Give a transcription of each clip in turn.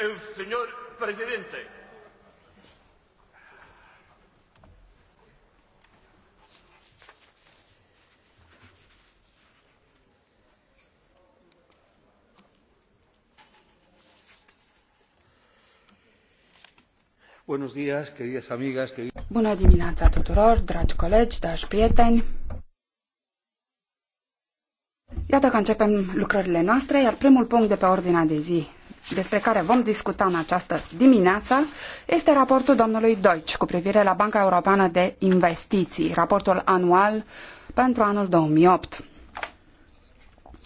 El señor presidente. Buenos días, queridas amigas, Bună dimineața tuturor, dragi colegi, dragi prieteni. Iată că începem lucrările noastre, iar primul punct de pe ordinea de zi despre care vom discuta în această dimineață este raportul domnului Deutsch cu privire la Banca Europeană de Investiții, raportul anual pentru anul 2008.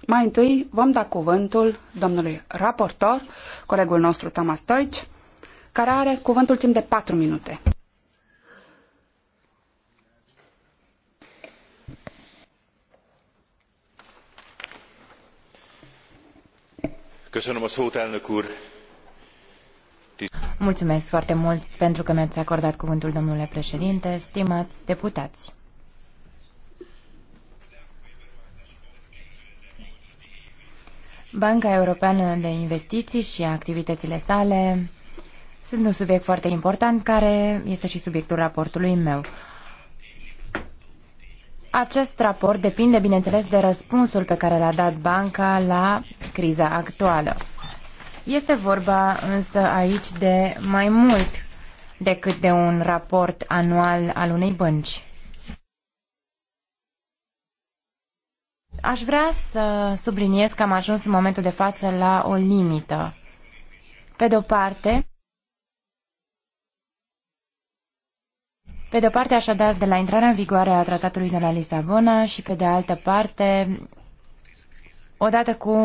Mai întâi vom da cuvântul domnului raportor, colegul nostru Thomas Deutsch, care are cuvântul timp de patru minute. Mulțumesc foarte mult pentru că mi-ați acordat cuvântul, domnule președinte, stimați deputați. Banca Europeană de Investiții și activitățile sale sunt un subiect foarte important care este și subiectul raportului meu. Acest raport depinde, bineînțeles, de răspunsul pe care l-a dat banca la criza actuală. Este vorba însă aici de mai mult decât de un raport anual al unei bănci. Aș vrea să subliniez că am ajuns în momentul de față la o limită. Pe de o parte, Pe de o parte, așadar, de la intrarea în vigoare a tratatului de la Lisabona și pe de altă parte, odată cu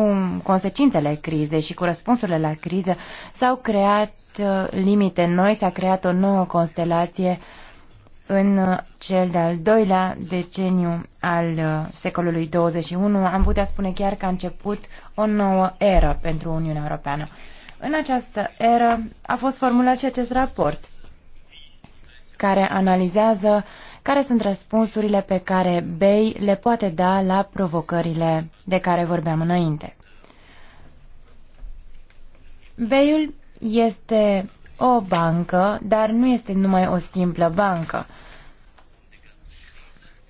consecințele crizei și cu răspunsurile la criză, s-au creat uh, limite noi, s-a creat o nouă constelație în uh, cel de-al doilea deceniu al uh, secolului 21, am putea spune chiar că a început o nouă eră pentru Uniunea Europeană. În această eră a fost formulat și acest raport care analizează care sunt răspunsurile pe care Bay le poate da la provocările de care vorbeam înainte. Bayul este o bancă, dar nu este numai o simplă bancă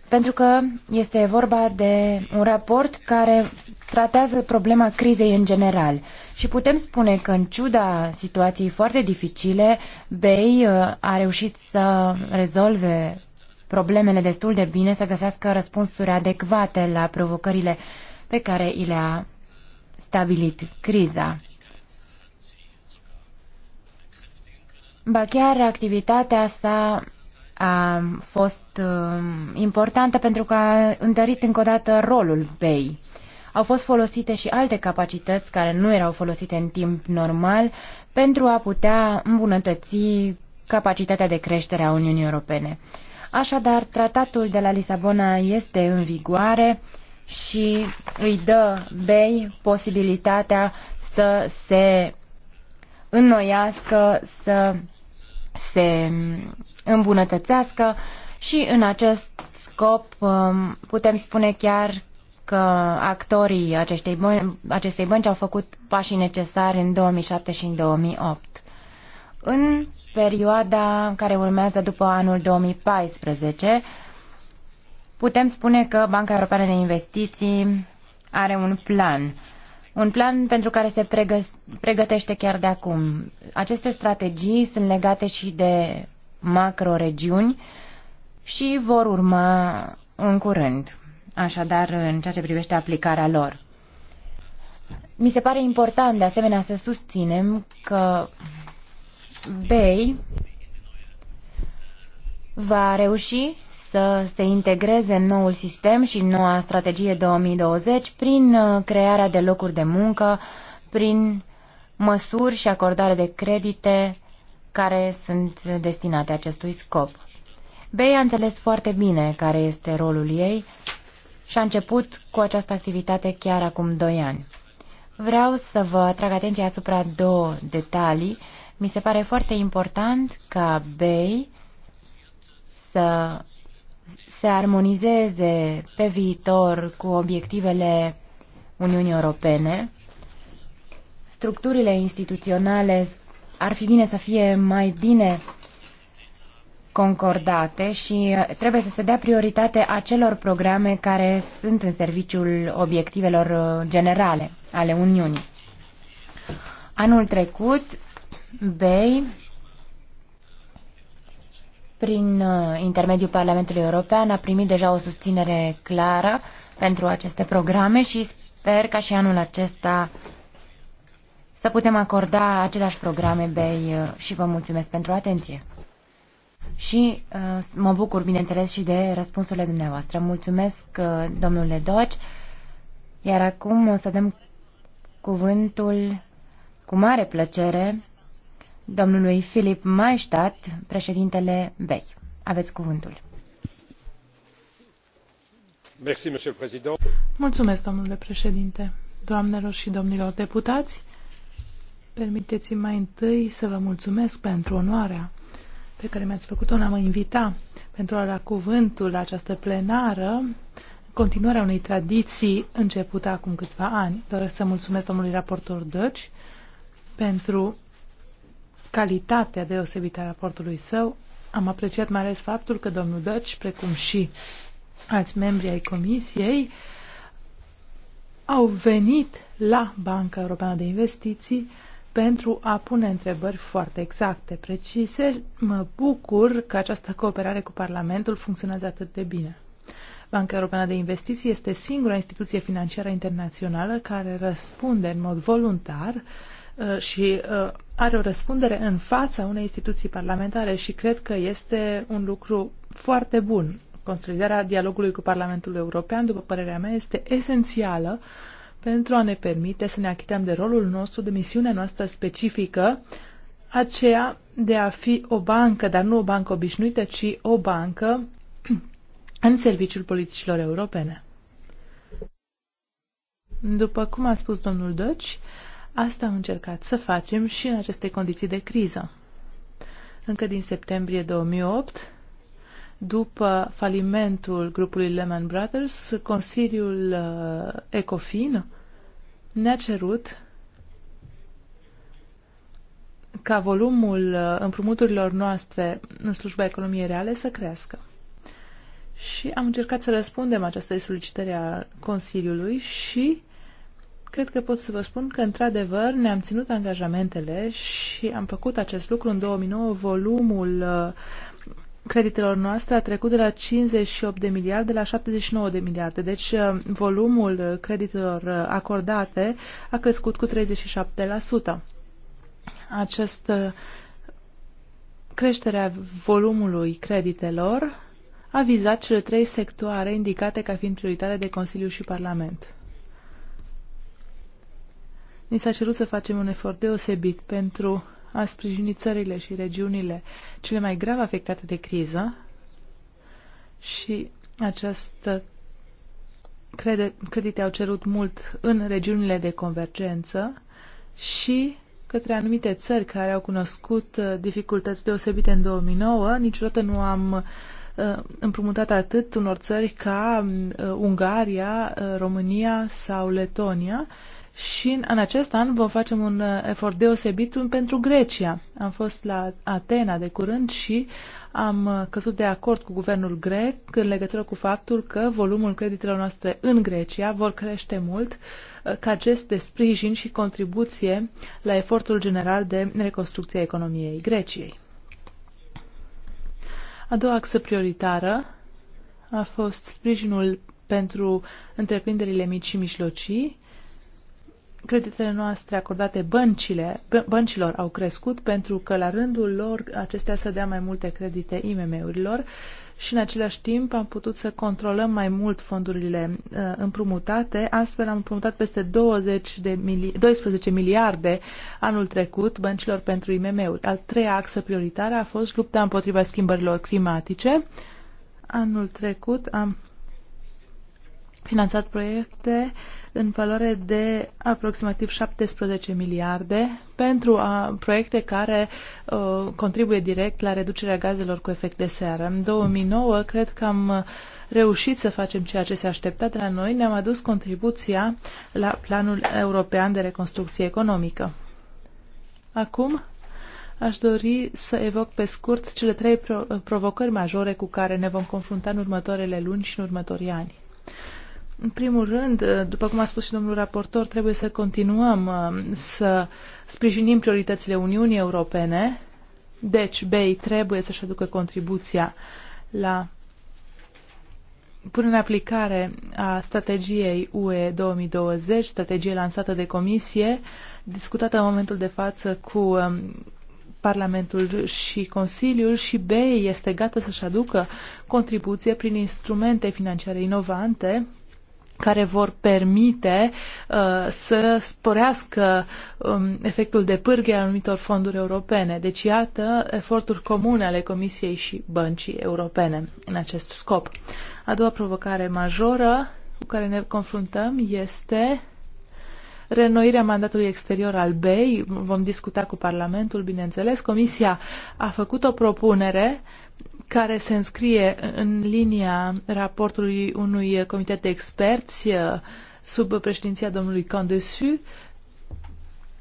pentru că este vorba de un raport care tratează problema crizei în general. Și putem spune că, în ciuda situației foarte dificile, BEI uh, a reușit să rezolve problemele destul de bine, să găsească răspunsuri adecvate la provocările pe care i le-a stabilit criza. Ba chiar activitatea sa a fost um, importantă pentru că a întărit încă o dată rolul BEI. Au fost folosite și alte capacități care nu erau folosite în timp normal pentru a putea îmbunătăți capacitatea de creștere a Uniunii Europene. Așadar, tratatul de la Lisabona este în vigoare și îi dă BEI posibilitatea să se înnoiască, să se îmbunătățească și în acest scop um, putem spune chiar că actorii acestei, băn- acestei bănci au făcut pașii necesari în 2007 și în 2008. În perioada care urmează după anul 2014, putem spune că Banca Europeană de Investiții are un plan un plan pentru care se pregătește chiar de acum. Aceste strategii sunt legate și de macroregiuni și vor urma în curând, așadar în ceea ce privește aplicarea lor. Mi se pare important de asemenea să susținem că BEI va reuși să se integreze în noul sistem și în noua strategie 2020 prin uh, crearea de locuri de muncă, prin măsuri și acordare de credite care sunt destinate acestui scop. Bei a înțeles foarte bine care este rolul ei și a început cu această activitate chiar acum 2 ani. Vreau să vă atrag atenția asupra două detalii. Mi se pare foarte important ca Bei să se armonizeze pe viitor cu obiectivele Uniunii Europene. Structurile instituționale ar fi bine să fie mai bine concordate și uh, trebuie să se dea prioritate acelor programe care sunt în serviciul obiectivelor uh, generale ale Uniunii. Anul trecut, BEI prin uh, intermediul Parlamentului European, a primit deja o susținere clară pentru aceste programe și sper ca și anul acesta să putem acorda aceleași programe BEI uh, și vă mulțumesc pentru atenție. Și uh, mă bucur, bineînțeles, și de răspunsurile dumneavoastră. Mulțumesc, uh, domnule Doci. Iar acum o să dăm cuvântul cu mare plăcere domnului Filip Maestat, președintele BEI. Aveți cuvântul. Merci, Mulțumesc, domnule președinte. Doamnelor și domnilor deputați, permiteți-mi mai întâi să vă mulțumesc pentru onoarea pe care mi-ați făcut-o în a mă invita pentru a lua cuvântul la această plenară continuarea unei tradiții începută acum câțiva ani. Doresc să mulțumesc domnului raportor Dăci pentru calitatea deosebită a raportului său. Am apreciat mai ales faptul că domnul Dăci, precum și alți membri ai Comisiei, au venit la Banca Europeană de Investiții pentru a pune întrebări foarte exacte, precise. Mă bucur că această cooperare cu Parlamentul funcționează atât de bine. Banca Europeană de Investiții este singura instituție financiară internațională care răspunde în mod voluntar uh, și uh, are o răspundere în fața unei instituții parlamentare și cred că este un lucru foarte bun. Consolidarea dialogului cu Parlamentul European, după părerea mea, este esențială pentru a ne permite să ne achităm de rolul nostru, de misiunea noastră specifică, aceea de a fi o bancă, dar nu o bancă obișnuită, ci o bancă în serviciul politicilor europene. După cum a spus domnul Dăci, Asta am încercat să facem și în aceste condiții de criză. Încă din septembrie 2008, după falimentul grupului Lehman Brothers, Consiliul uh, Ecofin ne-a cerut ca volumul uh, împrumuturilor noastre în slujba economiei reale să crească. Și am încercat să răspundem acestei solicitări a Consiliului și cred că pot să vă spun că, într-adevăr, ne-am ținut angajamentele și am făcut acest lucru în 2009. Volumul uh, creditelor noastre a trecut de la 58 de miliarde la 79 de miliarde. Deci, uh, volumul uh, creditelor acordate a crescut cu 37%. Această creștere a volumului creditelor a vizat cele trei sectoare indicate ca fiind prioritare de Consiliu și Parlament. Ni s-a cerut să facem un efort deosebit pentru a sprijini țările și regiunile cele mai grav afectate de criză și această crede, credite au cerut mult în regiunile de convergență și către anumite țări care au cunoscut uh, dificultăți deosebite în 2009. Niciodată nu am uh, împrumutat atât unor țări ca uh, Ungaria, România sau Letonia și în, în acest an vom face un uh, efort deosebit pentru Grecia. Am fost la Atena de curând și am uh, căzut de acord cu guvernul grec în legătură cu faptul că volumul creditelor noastre în Grecia vor crește mult uh, ca gest de sprijin și contribuție la efortul general de reconstrucție a economiei Greciei. A doua axă prioritară a fost sprijinul pentru întreprinderile mici și mijlocii, creditele noastre acordate băncile, băncilor au crescut pentru că la rândul lor acestea să dea mai multe credite IMM-urilor și în același timp am putut să controlăm mai mult fondurile uh, împrumutate. Astfel am împrumutat peste 20 de mili- 12 miliarde anul trecut băncilor pentru IMM-uri. Al treia axă prioritară a fost lupta împotriva schimbărilor climatice. Anul trecut am finanțat proiecte uh, în valoare de aproximativ 17 miliarde pentru a, proiecte care uh, contribuie direct la reducerea gazelor cu efect de seră. În 2009 cred că am uh, reușit să facem ceea ce se aștepta de la noi, ne-am adus contribuția la Planul European de Reconstrucție Economică. Acum aș dori să evoc pe scurt cele trei uh, provocări majore cu care ne vom confrunta în următoarele luni și în următorii ani. În primul rând, uh, după cum a spus și domnul raportor, trebuie să continuăm uh, să sprijinim prioritățile Uniunii Europene. Deci, BEI trebuie să-și aducă contribuția la punerea în aplicare a strategiei UE 2020, strategie lansată de Comisie, discutată în momentul de față cu um, Parlamentul și Consiliul și BEI este gata să-și aducă contribuție prin instrumente financiare inovante care vor permite uh, să sporească um, efectul de pârghie al anumitor fonduri europene. Deci, iată, eforturi comune ale Comisiei și Băncii Europene în acest scop. A doua provocare majoră cu care ne confruntăm este renoirea mandatului exterior al BEI. Vom discuta cu Parlamentul, bineînțeles. Comisia a făcut o propunere care se înscrie în linia raportului unui comitet de experți eh, sub președinția domnului Condesu.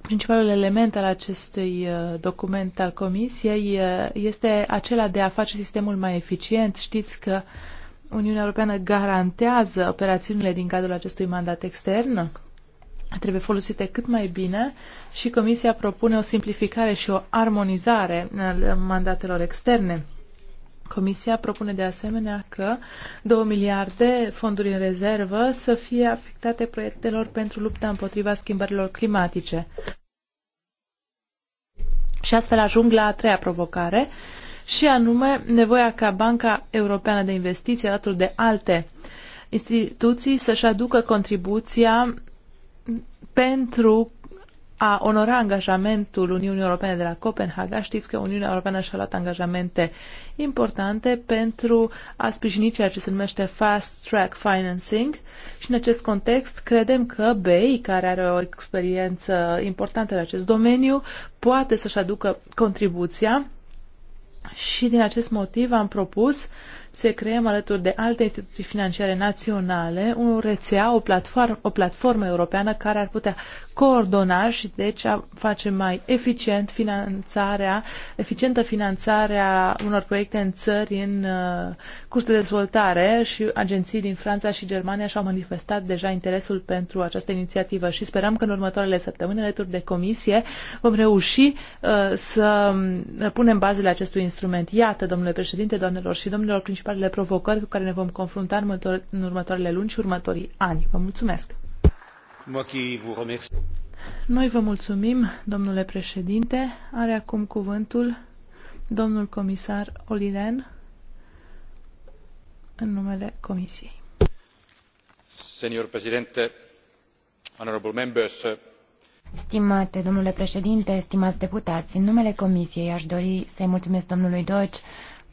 Principalul element al acestui eh, document al Comisiei eh, este acela de a face sistemul mai eficient. Știți că Uniunea Europeană garantează operațiunile din cadrul acestui mandat extern trebuie folosite cât mai bine și Comisia propune o simplificare și o armonizare a mandatelor externe. Comisia propune de asemenea că 2 miliarde fonduri în rezervă să fie afectate proiectelor pentru lupta împotriva schimbărilor climatice. Și astfel ajung la a treia provocare, și anume nevoia ca Banca Europeană de Investiții, alături de alte instituții, să-și aducă contribuția pentru a onora angajamentul Uniunii Europene de la Copenhaga. Știți că Uniunea Europeană și-a luat angajamente importante pentru a sprijini ceea ce se numește Fast Track Financing și în acest context credem că BEI, care are o experiență importantă în acest domeniu, poate să-și aducă contribuția și din acest motiv am propus uh, să creăm alături de alte instituții financiare naționale o rețea, o platformă, o platformă europeană care ar putea coordona și deci a face mai eficient finanțarea, eficientă finanțarea unor proiecte în țări în uh, curs de dezvoltare și agenții din Franța și Germania și-au manifestat deja interesul pentru această inițiativă și sperăm că în următoarele săptămâni alături de comisie vom reuși uh, să uh, punem bazele acestui instrument. Iată, domnule președinte, doamnelor și domnilor, principal principalele provocări cu care ne vom confrunta în, următoarele luni și următorii ani. Vă mulțumesc! Noi vă mulțumim, domnule președinte. Are acum cuvântul domnul comisar Olilen în numele Comisiei. Senior președinte, honorable members, Stimate domnule președinte, stimați deputați, în numele Comisiei aș dori să-i mulțumesc domnului Doci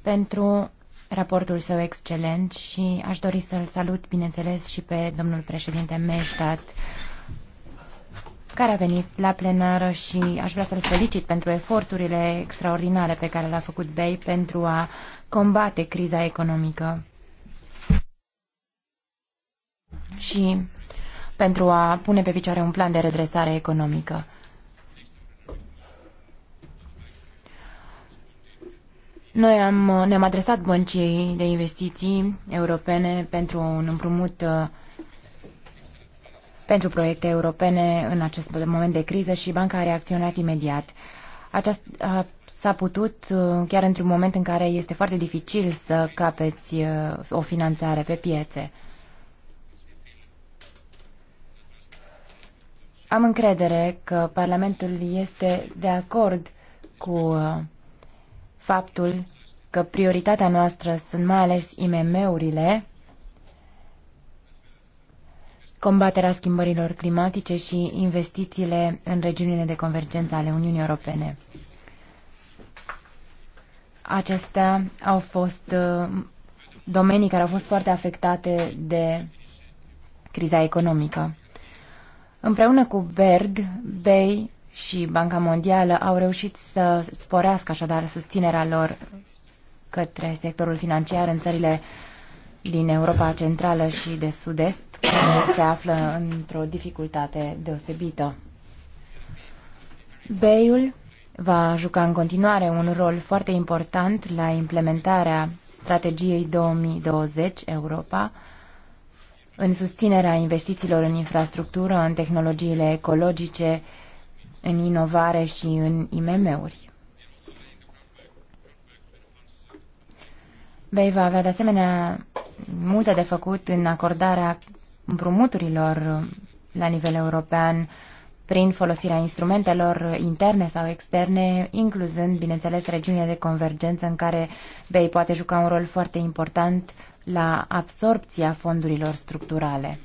pentru raportul său excelent și aș dori să-l salut, bineînțeles, și pe domnul președinte Meștat, care a venit la plenară și aș vrea să-l felicit pentru eforturile extraordinare pe care le-a făcut BEI pentru a combate criza economică și pentru a pune pe picioare un plan de redresare economică. Noi am, ne-am adresat băncii de investiții europene pentru un împrumut uh, pentru proiecte europene în acest moment de criză și banca a reacționat imediat. Aceasta uh, s-a putut uh, chiar într-un moment în care este foarte dificil să capeți o finanțare pe piețe. Am încredere că Parlamentul este de acord cu faptul că prioritatea noastră sunt mai ales IMM-urile, combaterea schimbărilor climatice și investițiile în regiunile de convergență ale Uniunii Europene. Acestea au fost uh, domenii care au fost foarte afectate de criza economică. Împreună cu Berg, BEI și Banca Mondială au reușit să sporească așadar susținerea lor către sectorul financiar în țările din Europa Centrală și de Sud-Est, care se află într-o dificultate deosebită. Beiul va juca în continuare un rol foarte important la implementarea strategiei 2020 Europa, în susținerea investițiilor în infrastructură, în tehnologiile ecologice, în inovare și în IMM-uri. BEI va avea de asemenea multe de făcut în acordarea împrumuturilor la nivel european prin folosirea instrumentelor interne sau externe, incluzând, bineînțeles, regiunile de convergență în care BEI poate juca un rol foarte important la absorpția fondurilor structurale.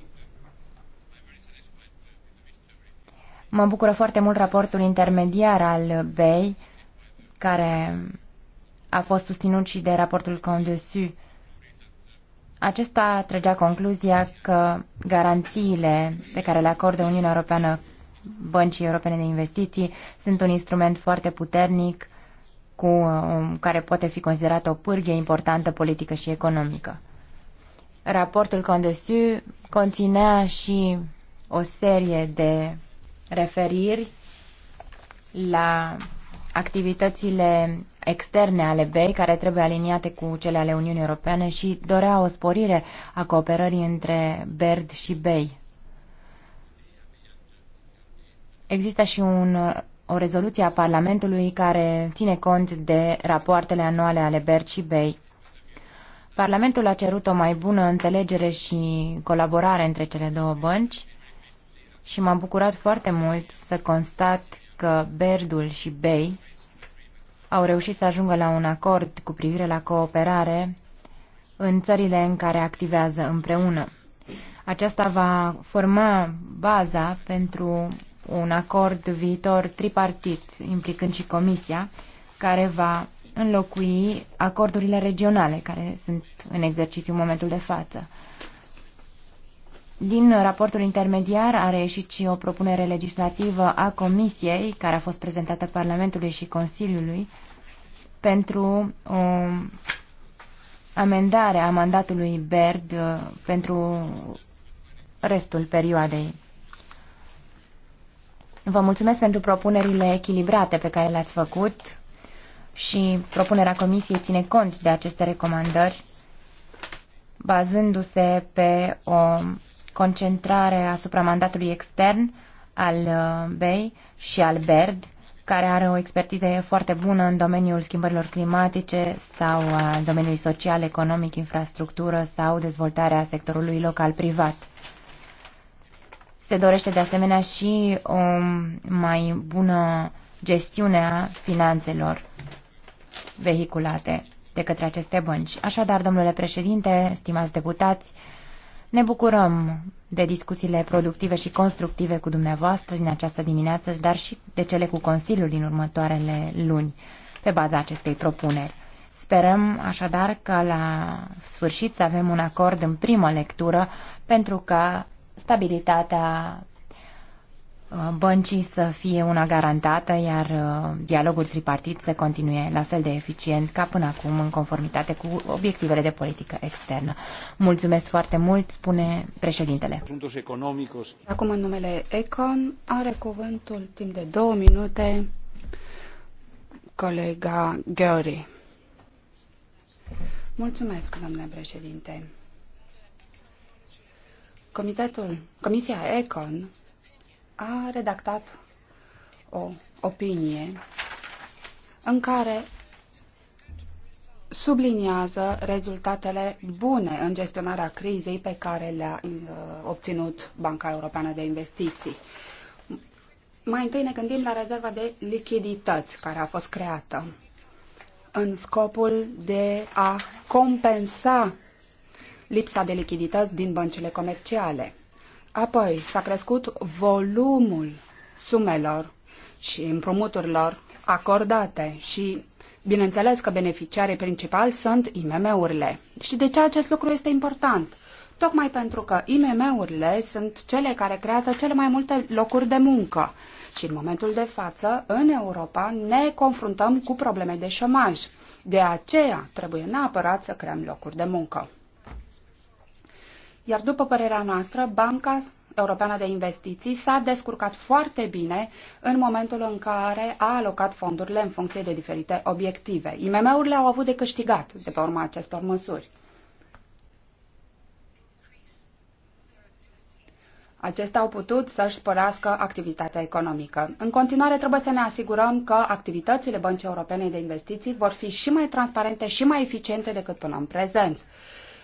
Mă bucură foarte mult raportul intermediar al BEI, care a fost susținut și de raportul Condesu. Acesta trăgea concluzia că garanțiile pe care le acordă Uniunea Europeană băncii europene de investiții sunt un instrument foarte puternic cu, um, care poate fi considerată o pârghie importantă politică și economică. Raportul Condesu conținea și o serie de referiri la activitățile externe ale BEI, care trebuie aliniate cu cele ale Uniunii Europene și dorea o sporire a cooperării între BERD și BEI. Există și un, o rezoluție a Parlamentului care ține cont de rapoartele anuale ale BERD și BEI. Parlamentul a cerut o mai bună înțelegere și colaborare între cele două bănci și m-am bucurat foarte mult să constat că Berdul și Bay au reușit să ajungă la un acord cu privire la cooperare în țările în care activează împreună. Aceasta va forma baza pentru un acord viitor tripartit, implicând și Comisia, care va înlocui acordurile regionale care sunt în exercițiu în momentul de față. Din raportul intermediar a reieșit și o propunere legislativă a Comisiei, care a fost prezentată Parlamentului și Consiliului, pentru o amendare a mandatului BERD uh, pentru restul perioadei. Vă mulțumesc pentru propunerile echilibrate pe care le-ați făcut și propunerea Comisiei ține cont de aceste recomandări, bazându-se pe o concentrare asupra mandatului extern al uh, BEI și al BERD, care are o expertiză foarte bună în domeniul schimbărilor climatice sau în domeniul social, economic, infrastructură sau dezvoltarea sectorului local privat. Se dorește de asemenea și o mai bună a finanțelor vehiculate de către aceste bănci. Așadar, domnule președinte, stimați deputați, ne bucurăm de discuțiile productive și constructive cu dumneavoastră din această dimineață, dar și de cele cu Consiliul din următoarele luni, pe baza acestei propuneri. Sperăm așadar că la sfârșit să avem un acord în primă lectură pentru ca stabilitatea băncii să fie una garantată, iar uh, dialogul tripartit să continue la fel de eficient ca până acum, în conformitate cu obiectivele de politică externă. Mulțumesc foarte mult, spune președintele. Acum, în numele Econ, are cuvântul timp de două minute colega Gheori. Mulțumesc, domnule președinte. Comitetul, Comisia Econ a redactat o opinie în care subliniază rezultatele bune în gestionarea crizei pe care le-a uh, obținut Banca Europeană de Investiții. Mai întâi ne gândim la rezerva de lichidități care a fost creată în scopul de a compensa lipsa de lichidități din băncile comerciale. Apoi s-a crescut volumul sumelor și împrumuturilor acordate și bineînțeles că beneficiarii principali sunt IMM-urile. Și de ce acest lucru este important? Tocmai pentru că IMM-urile sunt cele care creează cele mai multe locuri de muncă. Și în momentul de față, în Europa, ne confruntăm cu probleme de șomaj. De aceea trebuie neapărat să creăm locuri de muncă. Iar după părerea noastră, Banca Europeană de Investiții s-a descurcat foarte bine în momentul în care a alocat fondurile în funcție de diferite obiective. IMM-urile au avut de câștigat de pe urma acestor măsuri. Acestea au putut să-și spărească activitatea economică. În continuare, trebuie să ne asigurăm că activitățile Băncii Europene de Investiții vor fi și mai transparente și mai eficiente decât până în prezent.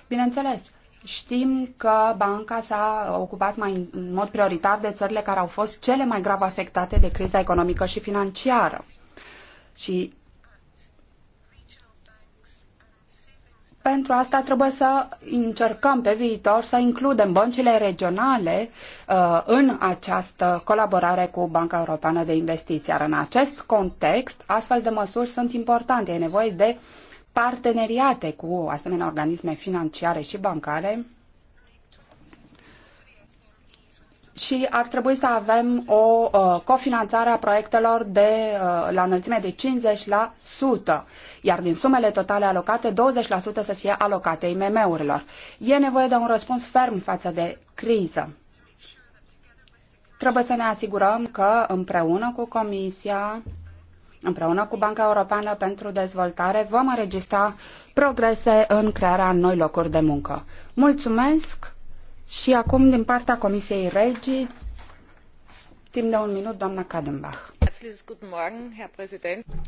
Bineînțeles, Știm că banca s-a ocupat mai în mod prioritar de țările care au fost cele mai grav afectate de criza economică și financiară. Și pentru asta trebuie să încercăm pe viitor să includem băncile regionale uh, în această colaborare cu Banca Europeană de Investiții. Iar în acest context, astfel de măsuri sunt importante. E nevoie de uh, parteneriate cu asemenea organisme financiare și bancare și ar trebui să avem o uh, cofinanțare a proiectelor de, uh, la înălțime de 50%, iar din sumele totale alocate, 20% să fie alocate IMM-urilor. E nevoie de un răspuns ferm față de criză. Trebuie să ne asigurăm că împreună cu Comisia Împreună cu Banca Europeană pentru Dezvoltare vom înregistra progrese în crearea noi locuri de muncă. Mulțumesc și acum din partea Comisiei Regii, timp de un minut, doamna Kadenbach.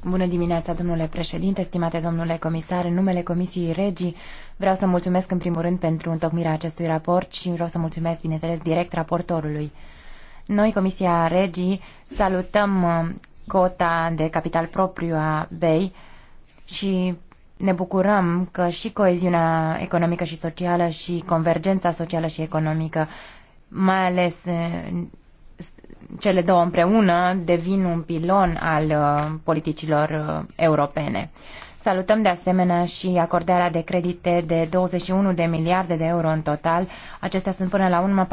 Bună dimineața, domnule președinte, stimate domnule comisar, în numele Comisiei Regii vreau să mulțumesc în primul rând pentru întocmirea acestui raport și vreau să mulțumesc, bineînțeles, direct raportorului. Noi, Comisia Regii, salutăm cota de capital propriu a BEI și ne bucurăm că și coeziunea economică și socială și convergența socială și economică, mai ales eh, cele două împreună, devin un pilon al eh, politicilor eh, europene. Salutăm de asemenea și acordarea de credite de 21 de miliarde de euro în total. Acestea sunt până la urmă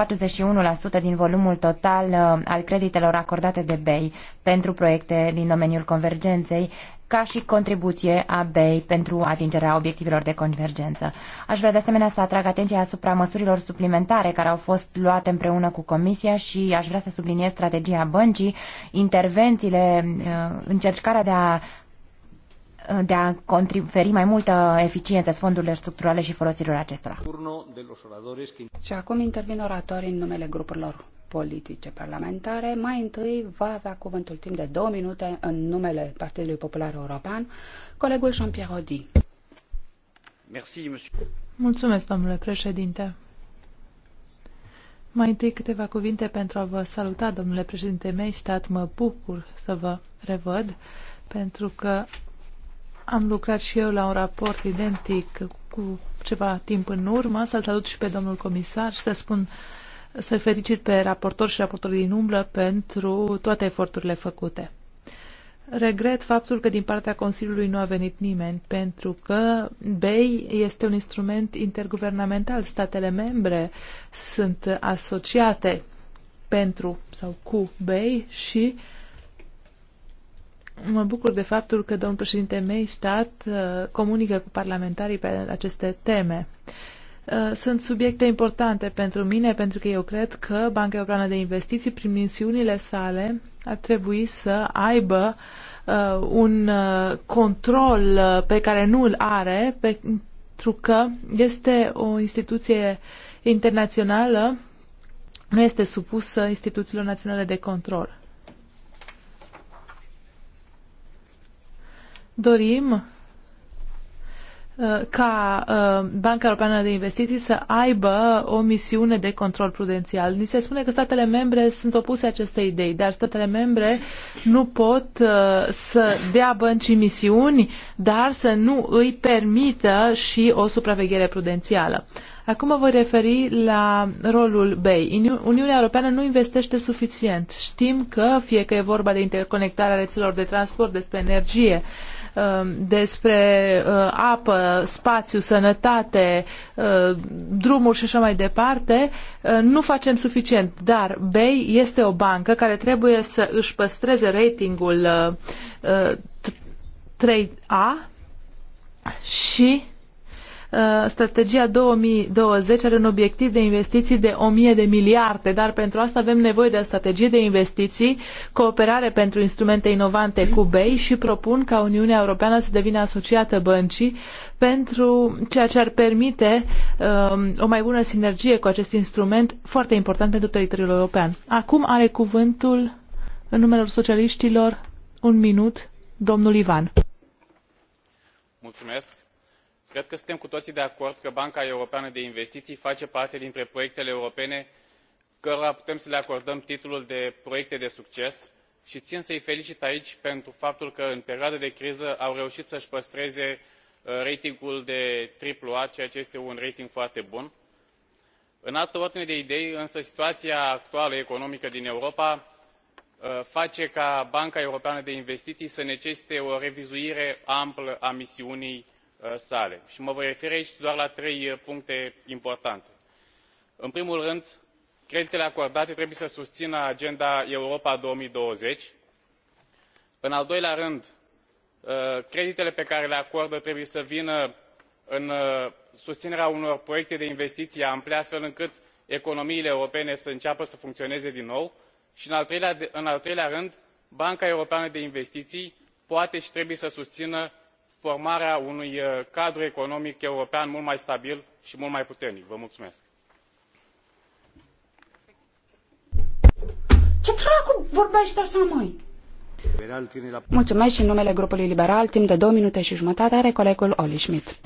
41% din volumul total uh, al creditelor acordate de BEI pentru proiecte din domeniul convergenței, ca și contribuție a BEI pentru atingerea obiectivelor de convergență. Aș vrea de asemenea să atrag atenția asupra măsurilor suplimentare care au fost luate împreună cu Comisia și aș vrea să subliniez strategia băncii, intervențiile, uh, încercarea de a de a conferi mai multă eficiență fondurilor structurale și folosirilor acestora. Și acum intervin oratorii în numele grupurilor politice parlamentare. Mai întâi va avea cuvântul timp de două minute în numele Partidului Popular European, colegul Jean-Pierre Audi. Mulțumesc, domnule președinte. Mai întâi câteva cuvinte pentru a vă saluta, domnule președinte Meistat. Mă bucur să vă revăd, pentru că am lucrat și eu la un raport identic cu ceva timp în urmă. Să-l salut și pe domnul comisar și să spun să fericit pe raportor și raportorii din umblă pentru toate eforturile făcute. Regret faptul că din partea Consiliului nu a venit nimeni, pentru că BEI este un instrument interguvernamental. Statele membre sunt asociate pentru sau cu BEI și uh, Mă bucur de faptul că domnul președinte stat uh, comunică cu parlamentarii pe aceste teme. Uh, sunt subiecte importante pentru mine, pentru că eu cred că Banca Europeană de Investiții, prin misiunile sale, ar trebui să aibă uh, un uh, control pe care nu îl are, pentru că este o instituție internațională, nu este supusă instituțiilor naționale de control. Dorim uh, ca uh, Banca Europeană de Investiții să aibă o misiune de control prudențial. Ni se spune că statele membre sunt opuse acestei idei, dar statele membre nu pot uh, să dea băncii misiuni, dar să nu îi permită și o supraveghere prudențială. Acum mă voi referi la rolul BEI. Uniunea Europeană nu investește suficient. Știm că, fie că e vorba de interconectarea rețelor de transport, despre energie, Um, despre uh, apă, spațiu, sănătate, uh, drumuri și așa mai departe, uh, nu facem suficient. Dar BEI este o bancă care trebuie să își păstreze ratingul 3A și Uh, strategia 2020 are un obiectiv de investiții de 1000 de miliarde, dar pentru asta avem nevoie de o strategie de investiții, cooperare pentru instrumente inovante cu BEI și propun ca Uniunea Europeană să devină asociată băncii pentru ceea ce ar permite um, o mai bună sinergie cu acest instrument foarte important pentru teritoriul european. Acum are cuvântul în numele socialiștilor un minut domnul Ivan. Mulțumesc cred că suntem cu toii de acord că banca europeană de investiii face parte dintre proiectele europene cărora putem să le acordăm titlul de proiecte de succes i in să i felicit aici pentru faptul că în perioada de criză au reuit să îi păstreze uh, ratingul de aaa ceea ce este un rating foarte bun. în altă ordine de idei însă situaia actuală economică din europa uh, face ca banca europeană de investiii să necesite o revizuire amplă a misiunii Uh, sale și mă voi referi aici doar la trei uh, puncte importante în primul rând creditele acordate trebuie să susțină agenda europa două mii douăzeci în al doilea rând uh, creditele pe care le acordă trebuie să vină în susținerea unor proiecte de investiții ample astfel încât economiile europene să înceapă să funcționeze din nou și în al treilea rând banca europeană de investiții poate și trebuie să susțină formarea unui uh, cadru economic european mult mai stabil i mult mai puternic. Vă mulțumesc. Ce dracu vorbește așa, măi? Mulțumesc și în numele grupului liberal, timp de două minute și jumătate, are colegul Oli Schmidt.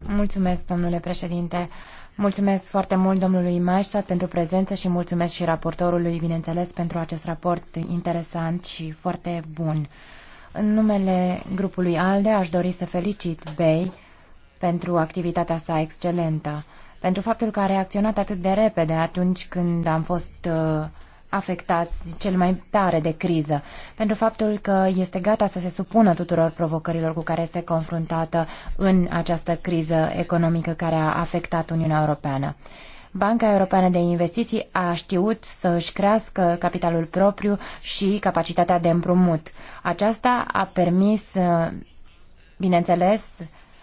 Mulțumesc, domnule președinte. Mulțumesc foarte mult domnului Mașat pentru prezență și mulțumesc și raportorului, bineînțeles, pentru acest raport interesant și foarte bun. În numele grupului ALDE aș dori să felicit Bay pentru activitatea sa excelentă, pentru faptul că a reacționat atât de repede atunci când am fost uh, afectați cel mai tare de criză, pentru faptul că este gata să se supună tuturor provocărilor cu care este confruntată în această criză economică care a afectat Uniunea Europeană. Banca Europeană de Investiții a știut să își crească capitalul propriu și capacitatea de împrumut. Aceasta a permis, bineînțeles,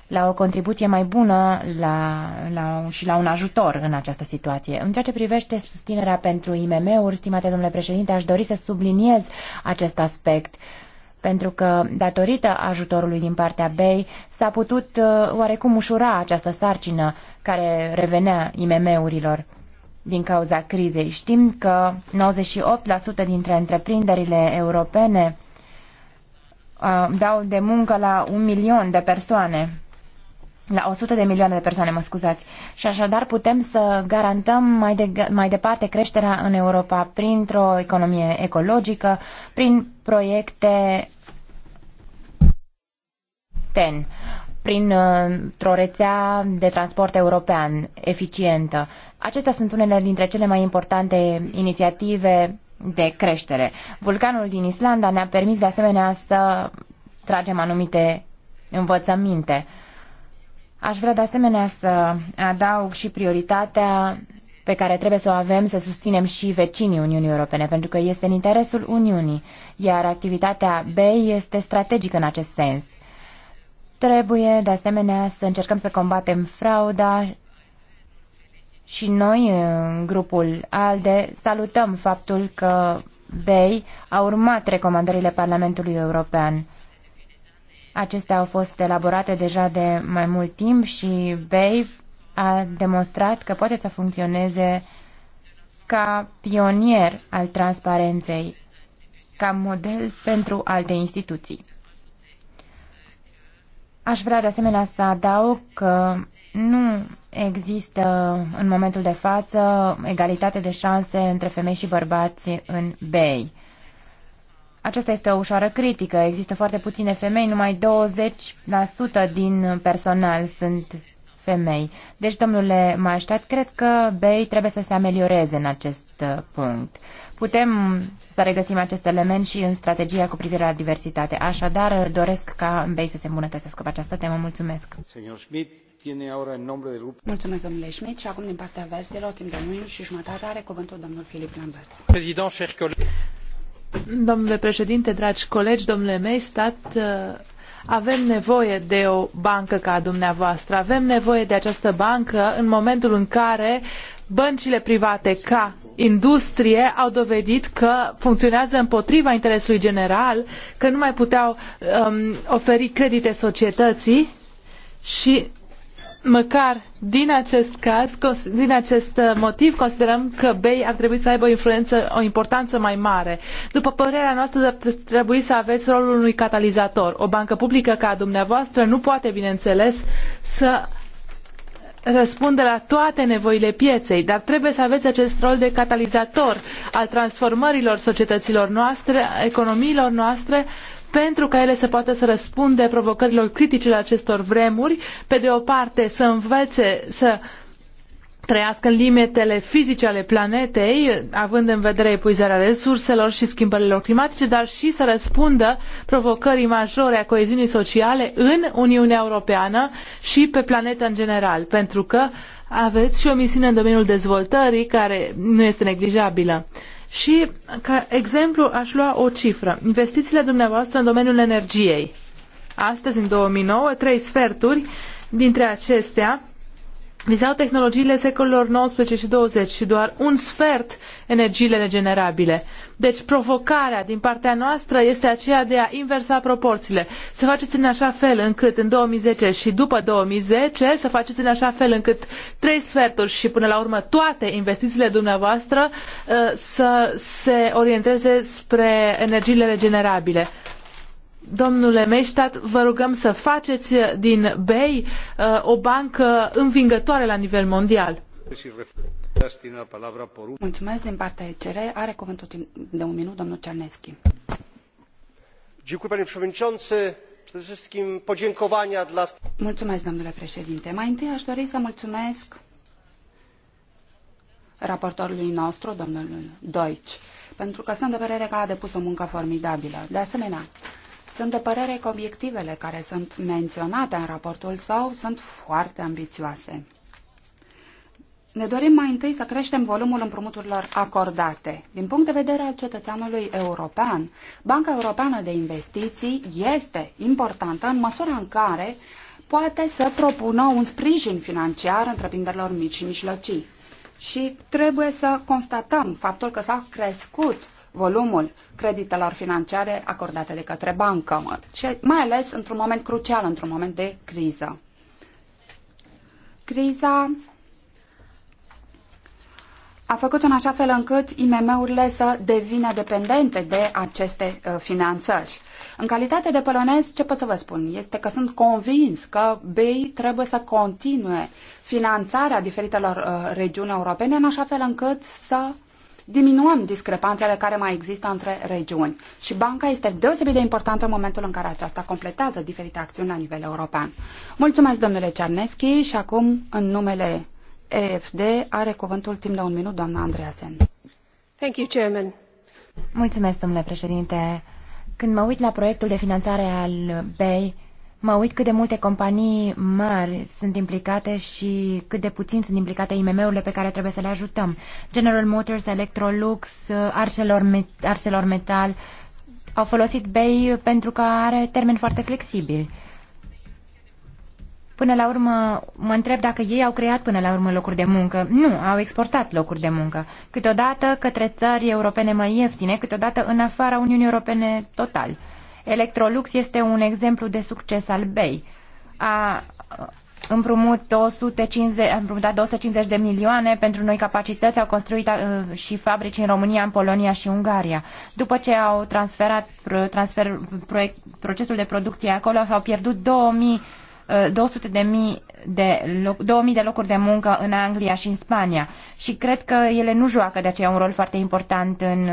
la o contribuție mai bună la, la, și la un ajutor în această situație. În ceea ce privește susținerea pentru IMM-uri, stimate domnule președinte, aș dori să subliniez acest aspect pentru că, datorită ajutorului din partea BEI, s-a putut uh, oarecum ușura această sarcină care revenea IMM-urilor din cauza crizei. Știm că 98% dintre întreprinderile europene uh, dau de muncă la un milion de persoane la 100 de milioane de persoane, mă scuzați. Și așadar putem să garantăm mai, de, mai departe creșterea în Europa printr-o economie ecologică, prin proiecte TEN, printr-o uh, rețea de transport european eficientă. Acestea sunt unele dintre cele mai importante inițiative de creștere. Vulcanul din Islanda ne-a permis de asemenea să tragem anumite învățăminte. Aș vrea de asemenea să adaug și prioritatea pe care trebuie să o avem să susținem și vecinii Uniunii Europene, pentru că este în interesul Uniunii, iar activitatea BEI este strategică în acest sens. Trebuie, de asemenea, să încercăm să combatem frauda și noi, în grupul ALDE, salutăm faptul că BEI a urmat recomandările Parlamentului European Acestea au fost elaborate deja de mai mult timp și BEI a demonstrat că poate să funcționeze ca pionier al transparenței, ca model pentru alte instituții. Aș vrea de asemenea să adaug că nu există în momentul de față egalitate de șanse între femei și bărbați în BEI. Aceasta este o ușoară critică. Există foarte puține femei, numai 20% din personal sunt femei. Deci, domnule Maștat, cred că BEI trebuie să se amelioreze în acest uh, punct. Putem să regăsim acest element și în strategia cu privire la diversitate. Așadar, doresc ca BEI să se îmbunătățească pe această temă. Mulțumesc! Mulțumesc, domnule Schmidt. Și acum, din partea versilor, timp de minut și jumătate, are cuvântul domnul Filip Lambert. Domnule președinte, dragi colegi, domnule Meistat, uh, avem nevoie de o bancă ca dumneavoastră. Avem nevoie de această bancă în momentul în care băncile private ca industrie au dovedit că funcționează împotriva interesului general, că nu mai puteau um, oferi credite societății și măcar din acest caz, din acest uh, motiv, considerăm că BEI ar trebui să aibă o influență, o importanță mai mare. După părerea noastră, ar trebui să aveți rolul unui catalizator. O bancă publică ca a dumneavoastră nu poate, bineînțeles, să răspunde la toate nevoile pieței, dar trebuie să aveți acest rol de catalizator al transformărilor societăților noastre, economiilor noastre pentru ca ele să poată să răspunde provocărilor critice la acestor vremuri, pe de o parte să învețe să trăiască în limitele fizice ale planetei, având în vedere epuizarea resurselor și schimbărilor climatice, dar și să răspundă provocării majore a coeziunii sociale în Uniunea Europeană și pe planetă în general, pentru că aveți și o misiune în domeniul dezvoltării care nu este neglijabilă. Și, ca exemplu, aș lua o cifră. Investițiile dumneavoastră în domeniul energiei. Astăzi, în 2009, trei sferturi dintre acestea vizau tehnologiile secolelor 19 și 20 și doar un sfert energiile regenerabile. Deci provocarea din partea noastră este aceea de a inversa proporțiile. Să faceți în așa fel încât în 2010 și după 2010 să faceți în așa fel încât trei sferturi și până la urmă toate investițiile dumneavoastră uh, să se orienteze spre energiile regenerabile. Domnule Meștat, vă rugăm să faceți din BEI uh, o bancă învingătoare la nivel mondial. Mulțumesc din partea ECR. Are cuvântul de un minut domnul Cerneschi. Mulțumesc, domnule președinte. Mai întâi aș dori să mulțumesc raportorului nostru, domnul Deutsch, pentru că sunt de părere că a depus o muncă formidabilă. De asemenea, sunt de părere că obiectivele care sunt menționate în raportul său sunt foarte ambițioase. Ne dorim mai întâi să creștem volumul împrumuturilor acordate. Din punct de vedere al cetățeanului european, Banca Europeană de Investiții este importantă în măsura în care poate să propună un sprijin financiar întreprinderilor mici și mijlocii. Și trebuie să constatăm faptul că s-a crescut volumul creditelor financiare acordate de către bancă, mai ales într-un moment crucial, într-un moment de criză. Criza a făcut în așa fel încât IMM-urile să devină dependente de aceste uh, finanțări. În calitate de polonez, ce pot să vă spun? Este că sunt convins că BEI trebuie să continue finanțarea diferitelor uh, regiuni europene în așa fel încât să diminuăm discrepanțele care mai există între regiuni. Și banca este deosebit de importantă în momentul în care aceasta completează diferite acțiuni la nivel european. Mulțumesc, domnule Cerneschi, și acum, în numele EFD, are cuvântul timp de un minut doamna Sen. Thank you, Chairman. Mulțumesc, domnule președinte. Când mă uit la proiectul de finanțare al BEI, Mă uit cât de multe companii mari sunt implicate și cât de puțin sunt implicate IMM-urile pe care trebuie să le ajutăm. General Motors, Electrolux, Arcelor, Arcelor Metal au folosit BEI pentru că are termen foarte flexibil. Până la urmă, mă întreb dacă ei au creat până la urmă locuri de muncă. Nu, au exportat locuri de muncă. Câteodată către țări europene mai ieftine, câteodată în afara Uniunii Europene total. Electrolux este un exemplu de succes al BEI. A împrumut 250, a împrumutat 250 de milioane pentru noi capacități, au construit și fabrici în România, în Polonia și Ungaria. După ce au transferat transfer, proiect, procesul de producție acolo, s-au pierdut 2000 200 de mii de, loc, 2000 de locuri de muncă în Anglia și în Spania. Și cred că ele nu joacă de aceea un rol foarte important în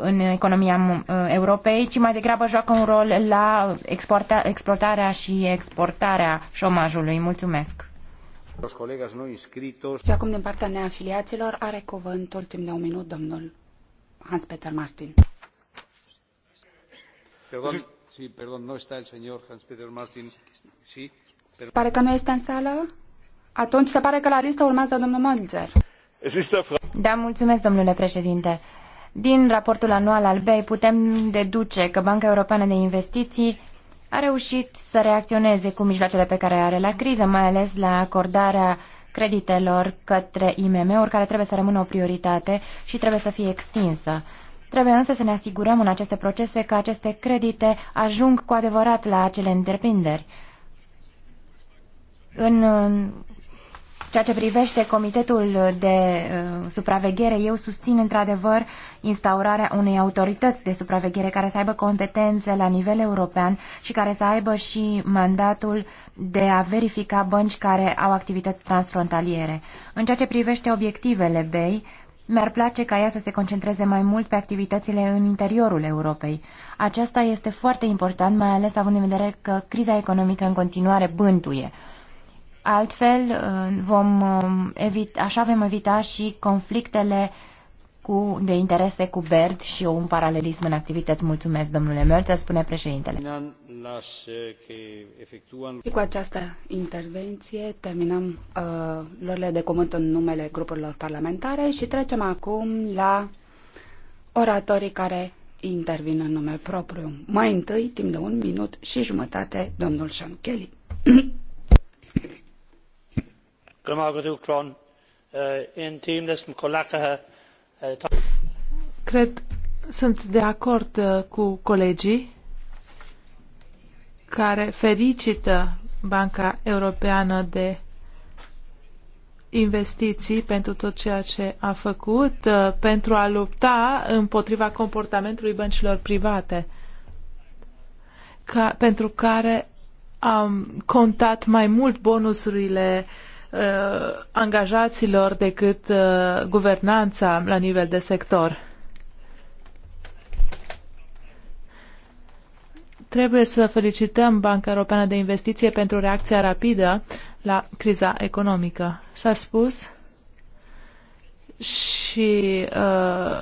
în economia uh, Europei, ci mai degrabă joacă un rol la exploatarea exportarea și exportarea șomajului. Mulțumesc! Și acum din partea neafiliaților are cuvântul timp de un minut domnul Hans Peter Martin. Perdon, sí, perdon, el señor Hans Peter Martin. Sí, Pare că nu este în sală? Atunci se pare că la listă urmează domnul Mölzer. Da, mulțumesc, domnule președinte. Din raportul anual al BEI putem deduce că Banca Europeană de Investiții a reușit să reacționeze cu mijloacele pe care are la criză, mai ales la acordarea creditelor către IMM-uri, care trebuie să rămână o prioritate și trebuie să fie extinsă. Trebuie însă să ne asigurăm în aceste procese că aceste credite ajung cu adevărat la acele întreprinderi. În Ceea ce privește Comitetul de uh, Supraveghere, eu susțin într-adevăr instaurarea unei autorități de supraveghere care să aibă competențe la nivel european și care să aibă și mandatul de a verifica bănci care au activități transfrontaliere. În ceea ce privește obiectivele BEI, mi-ar place ca ea să se concentreze mai mult pe activitățile în interiorul Europei. Aceasta este foarte important, mai ales având în vedere că criza economică în continuare bântuie. Altfel, uh, vom um, evita, așa vom evita și conflictele cu, de interese cu BERD și un paralelism în activități. Mulțumesc, domnule Mărță, spune președintele. Cu această intervenție terminăm uh, lorile de cuvânt în numele grupurilor parlamentare și trecem acum la oratorii care intervin în nume propriu. Mai întâi, timp de un minut și jumătate, domnul Sean Kelly. Øh, øh, Cred, sunt de acord uh, cu colegii care felicită Banca Europeană de investiții pentru tot ceea ce a făcut uh, pentru a lupta împotriva comportamentului băncilor private, ca, pentru care am contat mai mult bonusurile uh, Uh, angajaților decât uh, guvernanța la nivel de sector. Trebuie să felicităm Banca Europeană de Investiție pentru reacția rapidă la criza economică. S-a spus și uh,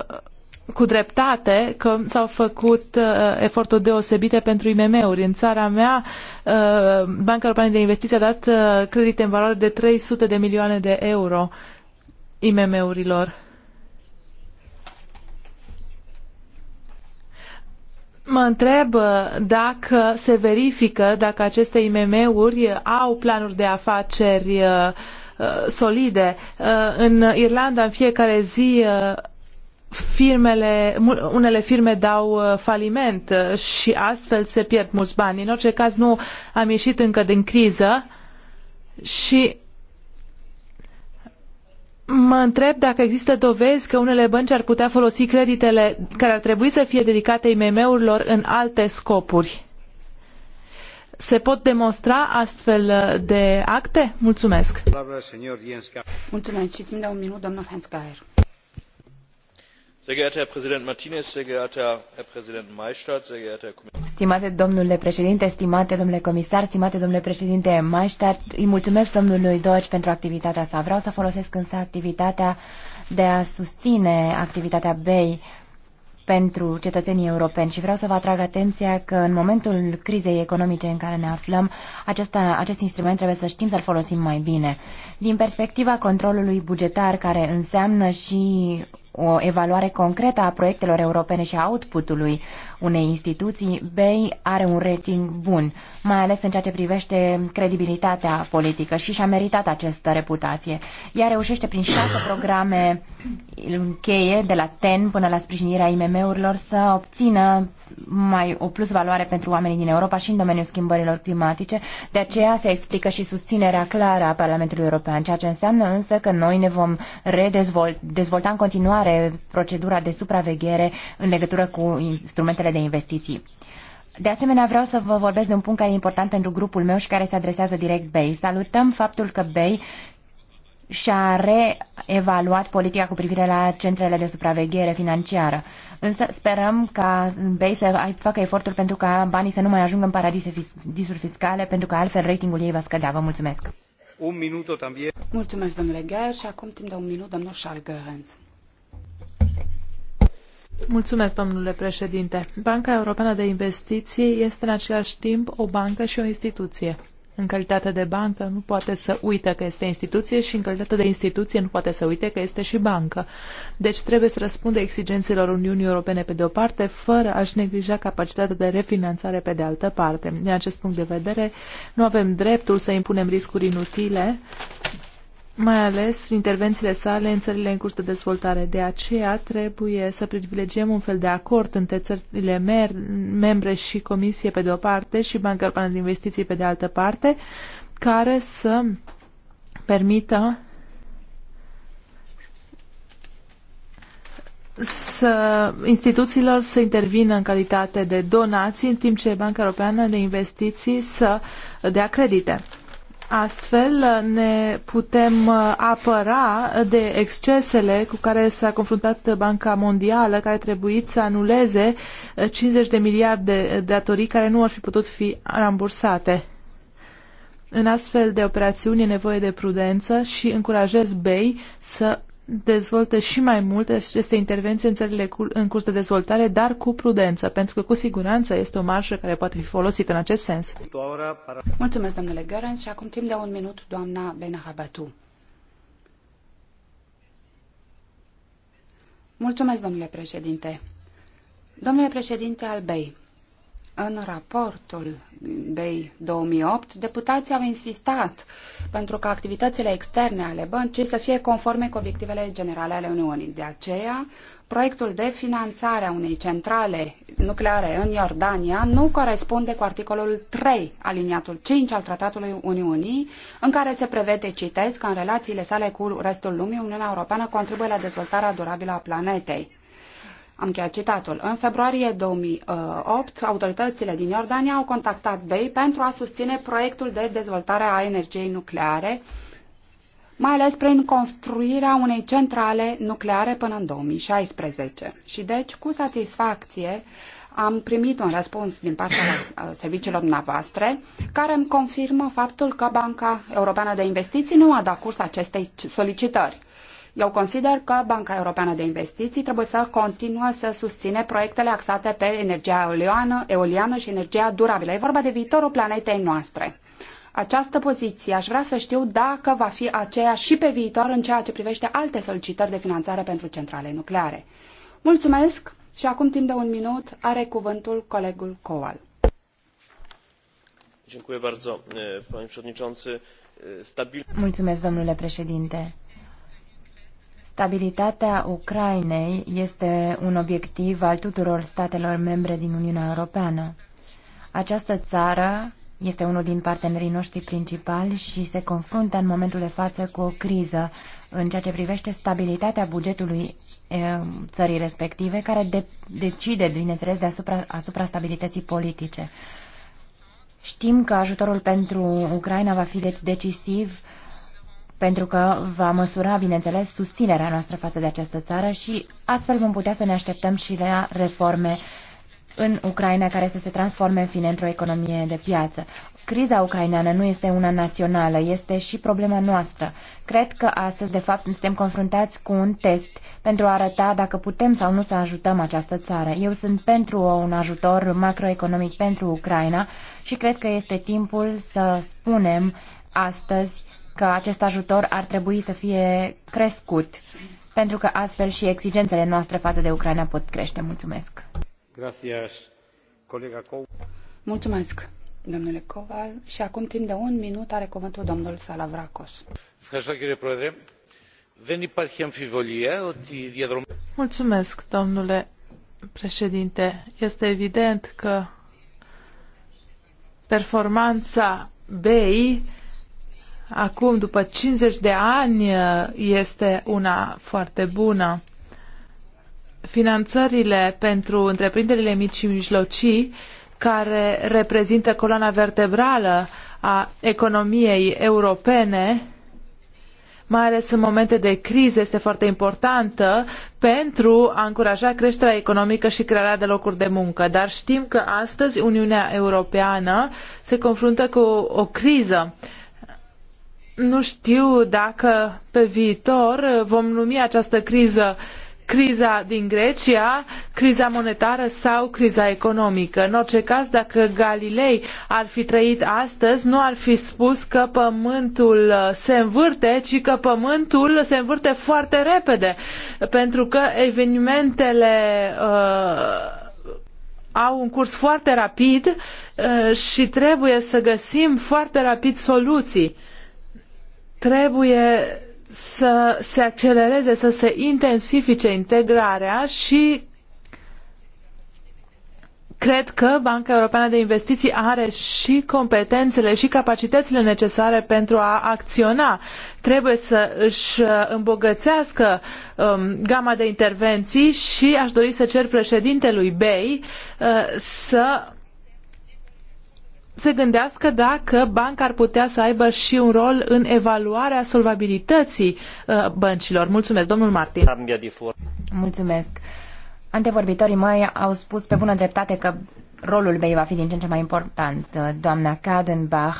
cu dreptate că s-au făcut uh, eforturi deosebite pentru IMM-uri. În țara mea, uh, Banca Europeană de Investiții a dat uh, credite în valoare de 300 de milioane de euro IMM-urilor. Mă întreb uh, dacă se verifică dacă aceste IMM-uri au planuri de afaceri uh, uh, solide. În Irlanda, în fiecare zi, firmele, unele firme dau uh, faliment uh, și astfel se pierd mulți bani. În orice caz nu am ieșit încă din criză și mă întreb dacă există dovezi că unele bănci ar putea folosi creditele care ar trebui să fie dedicate IMM-urilor în alte scopuri. Se pot demonstra astfel uh, de acte? Mulțumesc! Mulțumesc și timp de un minut, domnul Hensgaier. Sehr geehrter Herr Präsident Martinez, sehr geehrter Herr Präsident Maystadt, sehr geehrter Herr Kommissar. Stimate domnule președinte, stimate domnule comisar, stimate domnule președinte Maistar, îi mulțumesc domnului Deutsch pentru activitatea sa. Vreau să folosesc însă activitatea de a susține activitatea BEI pentru cetățenii europeni și vreau să vă atrag atenția că în momentul crizei economice în care ne aflăm, acesta, acest instrument trebuie să știm să-l folosim mai bine. Din perspectiva controlului bugetar, care înseamnă și o evaluare concretă a proiectelor europene și a outputului unei instituții, BEI are un rating bun, mai ales în ceea ce privește credibilitatea politică și și-a meritat această reputație. Ea reușește prin șase programe cheie, de la TEN până la sprijinirea IMM-urilor, să obțină mai o plus valoare pentru oamenii din Europa și în domeniul schimbărilor climatice. De aceea se explică și susținerea clară a Parlamentului European, ceea ce înseamnă însă că noi ne vom redezvolta în continuare aplicare procedura de supraveghere în legătură cu instrumentele de investiții. De asemenea, vreau să vă vorbesc de un punct care e important pentru grupul meu și care se adresează direct BEI. Salutăm faptul că BEI și-a reevaluat politica cu privire la centrele de supraveghere financiară. Însă sperăm ca BEI să facă eforturi pentru ca banii să nu mai ajungă în paradise disuri fiscale, pentru că altfel ratingul ei va scădea. Vă mulțumesc! Un minut Mulțumesc, domnule Gheer, și acum timp de un minut, domnul Charles Gărânț. Mulțumesc, domnule președinte. Banca Europeană de Investiții este în același timp o bancă și o instituție. În calitate de bancă nu poate să uite că este instituție și în calitate de instituție nu poate să uite că este și bancă. Deci trebuie să răspundă exigențelor Uniunii Europene pe de o parte, fără a-și neglija capacitatea de refinanțare pe de altă parte. Din acest punct de vedere, nu avem dreptul să impunem riscuri inutile mai ales intervențiile sale în țările în curs de dezvoltare. De aceea trebuie să privilegiem un fel de acord între țările membre și Comisie pe de o parte și Banca Europeană de Investiții pe de altă parte, care să permită să instituțiilor să intervină în calitate de donații, în timp ce Banca Europeană de Investiții să dea credite. Astfel ne putem uh, apăra de excesele cu care s-a confruntat Banca Mondială, care a trebuit să anuleze 50 uh, de miliarde de datorii care nu ar fi putut fi rambursate. În astfel de operațiuni e nevoie de prudență și încurajez BEI să dezvoltă și mai mult aceste intervenții în țările în curs de dezvoltare, dar cu prudență, pentru că cu siguranță este o marjă care poate fi folosită în acest sens. Mulțumesc, domnule Gărân, și acum timp de un minut, doamna Benahabatu. Mulțumesc, domnule președinte. Domnule președinte al BEI, în raportul BEI 2008, deputații au insistat pentru ca activitățile externe ale băncii să fie conforme cu obiectivele generale ale Uniunii. De aceea, proiectul de finanțare a unei centrale nucleare în Iordania nu corespunde cu articolul 3, aliniatul 5 al Tratatului Uniunii, în care se prevede, citesc, că în relațiile sale cu restul lumii, Uniunea Europeană contribuie la dezvoltarea durabilă a planetei. Am încheiat citatul. În februarie 2008, autoritățile din Iordania au contactat BEI pentru a susține proiectul de dezvoltare a energiei nucleare, mai ales prin construirea unei centrale nucleare până în 2016. Și deci, cu satisfacție, am primit un răspuns din partea uh, serviciilor dumneavoastră care îmi confirmă faptul că Banca Europeană de Investiții nu a dat curs acestei solicitări. Eu consider că Banca Europeană de Investiții trebuie să continue să susține proiectele axate pe energia eoliană, eoliană și energia durabilă. E vorba de viitorul planetei noastre. Această poziție aș vrea să știu dacă va fi aceea și pe viitor în ceea ce privește alte solicitări de finanțare pentru centrale nucleare. Mulțumesc și acum timp de un minut are cuvântul colegul Coal. Mulțumesc, domnule președinte. Stabilitatea Ucrainei este un obiectiv al tuturor statelor membre din Uniunea Europeană. Această țară este unul din partenerii noștri principali și se confruntă în momentul de față cu o criză în ceea ce privește stabilitatea bugetului țării respective, care de- decide, bineînțeles, deasupra asupra stabilității politice. Știm că ajutorul pentru Ucraina va fi deci decisiv pentru că va măsura, bineînțeles, susținerea noastră față de această țară și astfel vom putea să ne așteptăm și la reforme în Ucraina care să se transforme, în fine, într-o economie de piață. Criza ucraineană nu este una națională, este și problema noastră. Cred că astăzi, de fapt, suntem confruntați cu un test pentru a arăta dacă putem sau nu să ajutăm această țară. Eu sunt pentru un ajutor macroeconomic pentru Ucraina și cred că este timpul să spunem astăzi că acest ajutor ar trebui să fie crescut, pentru că astfel și exigențele noastre față de Ucraina pot crește. Mulțumesc! Gracias, colega Mulțumesc, domnule Coval. Și acum timp de un minut are cuvântul domnul Salavracos. Mulțumesc, domnule președinte. Este evident că performanța BEI acum, după 50 de ani, este una foarte bună. Finanțările pentru întreprinderile mici și mijlocii, care reprezintă coloana vertebrală a economiei europene, mai ales în momente de criză, este foarte importantă pentru a încuraja creșterea economică și crearea de locuri de muncă. Dar știm că astăzi Uniunea Europeană se confruntă cu o criză nu știu dacă pe viitor vom numi această criză criza din Grecia, criza monetară sau criza economică. În orice caz, dacă Galilei ar fi trăit astăzi, nu ar fi spus că pământul se învârte, ci că pământul se învârte foarte repede, pentru că evenimentele uh, au un curs foarte rapid uh, și trebuie să găsim foarte rapid soluții. Uh, Trebuie să se accelereze, să se intensifice integrarea și cred că Banca Europeană de Investiții are și competențele și capacitățile necesare pentru a acționa. Trebuie să își îmbogățească um, gama de intervenții și aș dori să cer președintelui BEI uh, să se gândească dacă banca ar putea să aibă și un rol în evaluarea solvabilității uh, băncilor. Mulțumesc, domnul Martin. Mulțumesc. Antevorbitorii mai au spus pe bună dreptate că rolul BEI va fi din ce în ce mai important. Doamna Kadenbach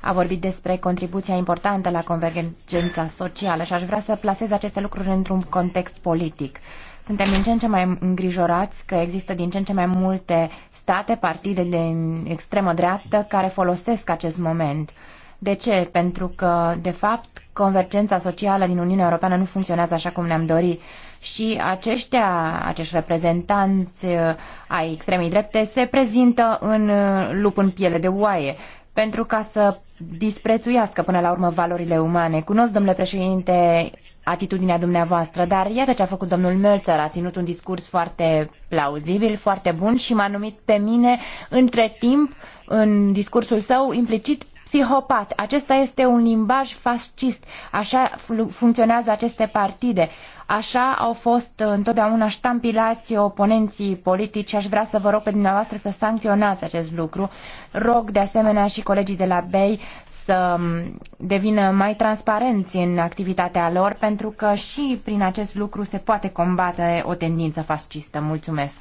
a vorbit despre contribuția importantă la convergența socială și aș vrea să placez aceste lucruri într-un context politic. Suntem din ce în ce mai îngrijorați că există din ce în ce mai multe state, partide de extremă dreaptă, care folosesc acest moment. De ce? Pentru că, de fapt, convergența socială din Uniunea Europeană nu funcționează așa cum ne-am dori și aceștia, acești reprezentanți uh, ai extremei drepte se prezintă în uh, lup în piele de oaie pentru ca să disprețuiască până la urmă valorile umane. Cunosc, domnule președinte, atitudinea dumneavoastră, dar iată ce a făcut domnul Mölzer, a ținut un discurs foarte plauzibil, foarte bun și m-a numit pe mine între timp, în discursul său, implicit psihopat. Acesta este un limbaj fascist. Așa funcționează aceste partide. Așa au fost întotdeauna ștampilați oponenții politici și aș vrea să vă rog pe dumneavoastră să sancționați acest lucru. Rog de asemenea și colegii de la BEI să devină mai transparenți în activitatea lor, pentru că și prin acest lucru se poate combate o tendință fascistă. Mulțumesc!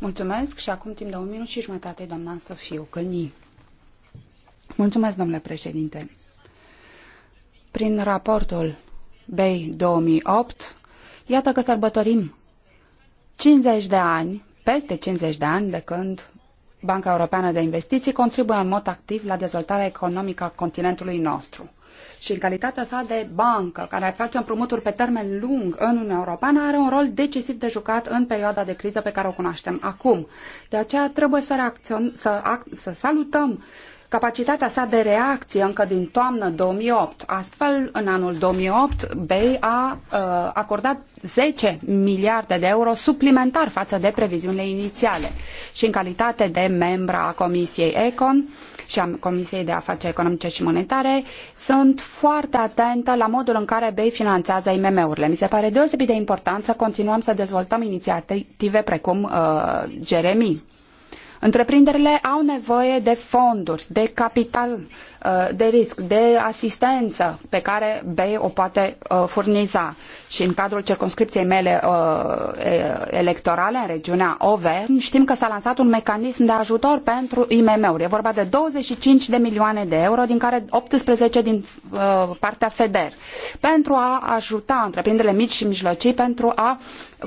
Mulțumesc și acum timp de un minut și jumătate, doamna Sofiu Căni. Mulțumesc, domnule președinte. Prin raportul BEI 2008, iată că sărbătorim 50 de ani, peste 50 de ani de când Banca Europeană de Investiții contribuie în mod activ la dezvoltarea economică a continentului nostru. Și în calitatea sa de bancă, care face împrumuturi pe termen lung în Uniunea Europeană, are un rol decisiv de jucat în perioada de criză pe care o cunoaștem acum. De aceea trebuie să, reacțion- să, să salutăm capacitatea sa de reacție încă din toamnă 2008. Astfel, în anul 2008, BEI a uh, acordat 10 miliarde de euro suplimentar față de previziunile inițiale. Și în calitate de membra a Comisiei ECON și a Comisiei de Afaceri Economice și Monetare, sunt foarte atentă la modul în care BEI finanțează IMM-urile. Mi se pare deosebit de important să continuăm să dezvoltăm inițiative precum uh, Jeremy. Întreprinderile au nevoie de fonduri, de capital uh, de risc, de asistență pe care BEI o poate uh, furniza. Și în cadrul circunscripției mele uh, electorale în regiunea Auvergne, știm că s-a lansat un mecanism de ajutor pentru IMM-uri. E vorba de 25 de milioane de euro, din care 18 din partea FEDER, pentru a ajuta întreprinderile mici și mijlocii pentru a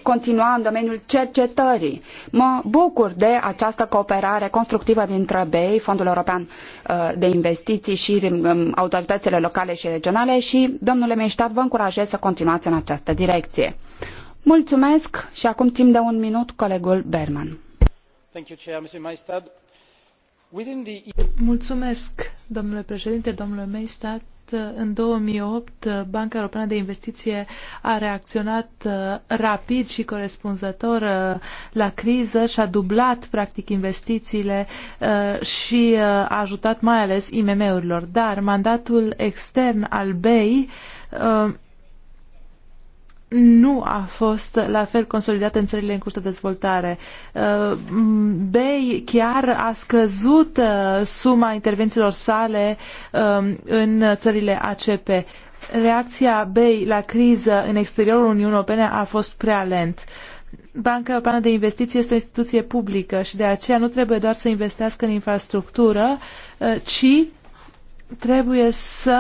continua în domeniul cercetării. Mă bucur de această cooperare constructivă dintre BEI, Fondul European uh, de Investiții și um, autoritățile locale și regionale și, domnule Meștat, vă încurajez să continuați în această direcție. Mulțumesc și acum timp de un minut colegul Berman. Mulțumesc, domnule președinte, domnule Meistat în 2008 Banca Europeană de Investiție a reacționat uh, rapid și corespunzător uh, la criză și a dublat practic investițiile uh, și a ajutat mai ales IMM-urilor. Dar mandatul extern al BEI nu a fost la fel consolidată în țările în curs de dezvoltare. Uh, BEI chiar a scăzut uh, suma intervențiilor sale um, în țările ACP. Reacția BEI la criză în exteriorul Uniunii Europene a fost prea lent. Banca Europeană de Investiții este o instituție publică și de aceea nu trebuie doar să investească în infrastructură, uh, ci trebuie să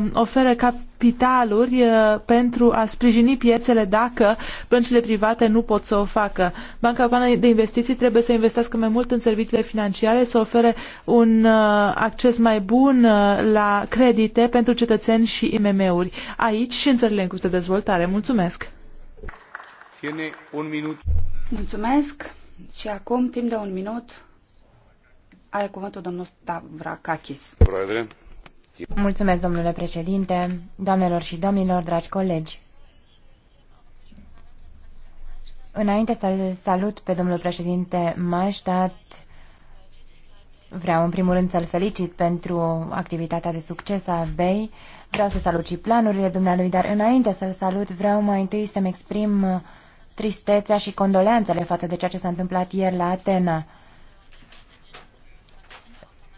um, ofere capitaluri uh, pentru a sprijini piețele dacă băncile private nu pot să o facă. Banca Europeană de Investiții trebuie să investească mai mult în serviciile financiare, să ofere un uh, acces mai bun uh, la credite pentru cetățeni și IMM-uri, aici și în țările în curs de dezvoltare. Mulțumesc! un minut. Mulțumesc și acum, timp de un minut, are cuvântul domnul Stavrakakis. Proedre. Mulțumesc, domnule președinte, doamnelor și domnilor, dragi colegi. Înainte să salut pe domnul președinte Maștat, vreau în primul rând să-l felicit pentru activitatea de succes a BEI. Vreau să salut și planurile dumnealui, dar înainte să-l salut vreau mai întâi să-mi exprim tristețea și condoleanțele față de ceea ce s-a întâmplat ieri la Atena.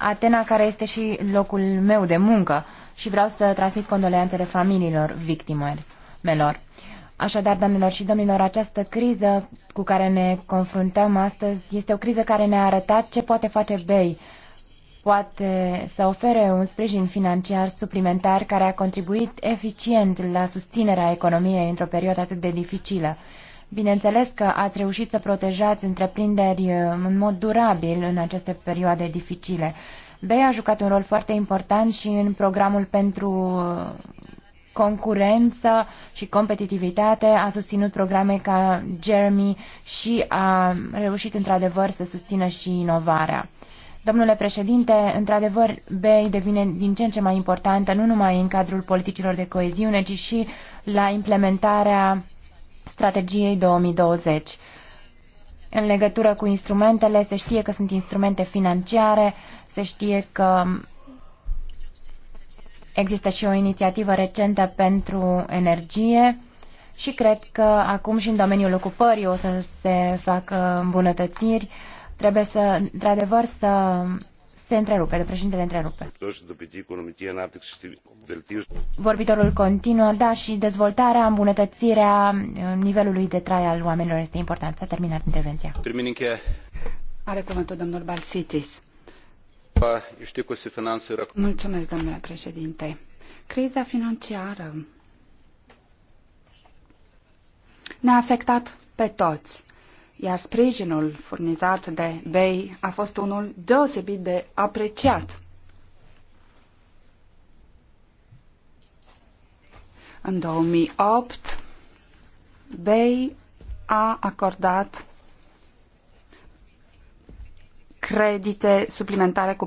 Atena, care este și locul meu de muncă și vreau să transmit condoleanțele familiilor victimelor. Așadar, doamnelor și domnilor, această criză cu care ne confruntăm astăzi este o criză care ne-a arătat ce poate face BEI. Poate să ofere un sprijin financiar suplimentar care a contribuit eficient la susținerea economiei într-o perioadă atât de dificilă. Bineînțeles că ați reușit să protejați întreprinderi uh, în mod durabil în aceste perioade dificile. BEI a jucat un rol foarte important și în programul pentru uh, concurență și competitivitate, a susținut programe ca Jeremy și a reușit într-adevăr să susțină și inovarea. Domnule președinte, într-adevăr, BEI devine din ce în ce mai importantă, nu numai în cadrul politicilor de coeziune, ci și la implementarea strategiei 2020. În legătură cu instrumentele, se știe că sunt instrumente financiare, se știe că există și o inițiativă recentă pentru energie și cred că acum și în domeniul ocupării o să se facă îmbunătățiri. Trebuie să, într-adevăr, să se întrerupe, de președintele întrerupe. Vorbitorul continuă, da, și dezvoltarea, îmbunătățirea uh, nivelului de trai al oamenilor este important. S-a terminat intervenția. Are cuvântul domnul Balsitis. Mulțumesc, domnule președinte. Criza financiară ne-a afectat pe toți iar sprijinul furnizat de BEI a fost unul deosebit de apreciat. În 2008, Bay a acordat credite suplimentare cu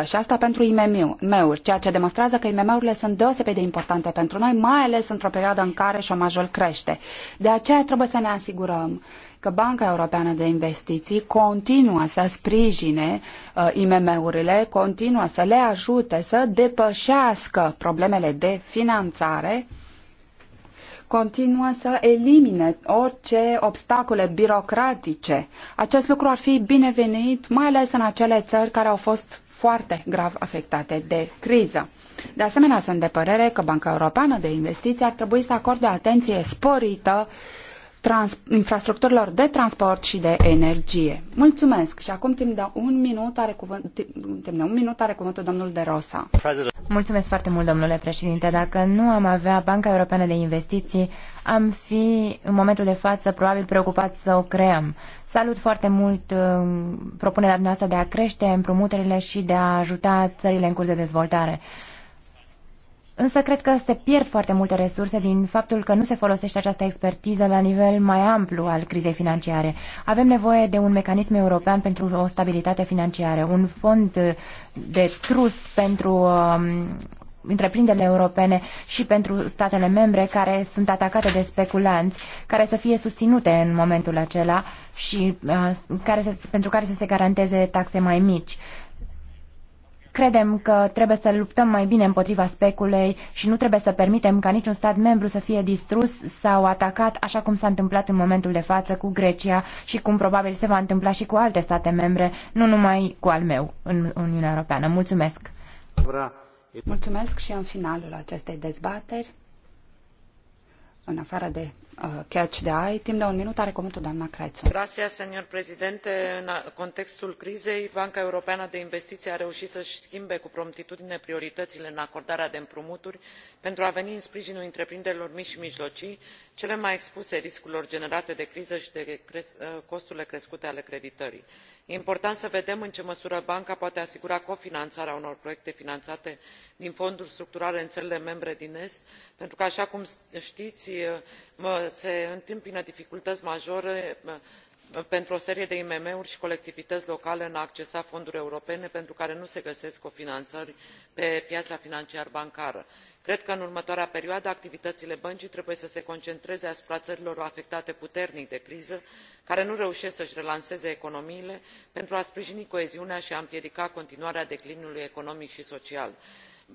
42% și asta pentru IMM-uri, ceea ce demonstrează că IMM-urile sunt deosebit de importante pentru noi, mai ales într-o perioadă în care șomajul crește. De aceea trebuie să ne asigurăm că Banca Europeană de Investiții continuă să sprijine uh, IMM-urile, continuă să le ajute să depășească problemele de finanțare uh, continuă să elimine orice obstacole birocratice. Acest lucru ar fi binevenit, mai ales în acele țări care au fost foarte grav afectate de criză. De asemenea, sunt de părere că Banca Europeană de Investiții ar trebui să acorde atenție sporită uh, trans- infrastructurilor de transport și de energie. Mulțumesc și acum timp de un minut are, cuvânt, timp de un minut are cuvântul domnul De Rosa. President. Mulțumesc foarte mult, domnule președinte. Dacă nu am avea Banca Europeană de Investiții, am fi în momentul de față probabil preocupat să o creăm. Salut foarte mult uh, propunerea noastră de a crește împrumuturile și de a ajuta țările în curs de dezvoltare. Însă cred că se pierd foarte multe resurse din faptul că nu se folosește această expertiză la nivel mai amplu al crizei financiare. Avem nevoie de un mecanism european pentru o stabilitate financiară, un fond de trust pentru um, întreprinderile europene și pentru statele membre care sunt atacate de speculanți, care să fie susținute în momentul acela și uh, care să, pentru care să se garanteze taxe mai mici. Uh, Credem că trebuie să luptăm mai bine împotriva speculei și nu trebuie să permitem ca niciun stat membru să fie distrus sau atacat, așa cum s-a întâmplat în momentul de față cu Grecia și cum probabil se va întâmpla și cu alte state membre, nu numai cu al meu în Uniunea Europeană. Mulțumesc! Mulțumesc și în finalul acestei dezbateri, în afară de Uh, catch the eye. Timp de un minut are cuvântul doamna Crețu. În contextul crizei, Banca Europeană de Investiții a reușit să-și schimbe cu promptitudine prioritățile în acordarea de împrumuturi pentru a veni în sprijinul întreprinderilor mici i mijlocii cele mai expuse riscurilor generate de criză i de uh, costurile crescute ale creditării. e important să vedem în ce măsură banca poate asigura cofinanarea unor proiecte finanate din fonduri structurale în ările membre din est pentru că aa cum tii uh, se întâmpină dificultăi majore în pentru o serie de imm uri i colectivităi locale în a accesa fonduri europene pentru care nu se găsesc cofinanări pe piaa financiar bancară. cred că în următoarea perioadă activităile băncii trebuie să se concentreze asupra ărilor afectate puternic de criză care nu reuesc să i relanseze economiile pentru a sprijini coeziunea i a împiedica continuarea declinului economic i social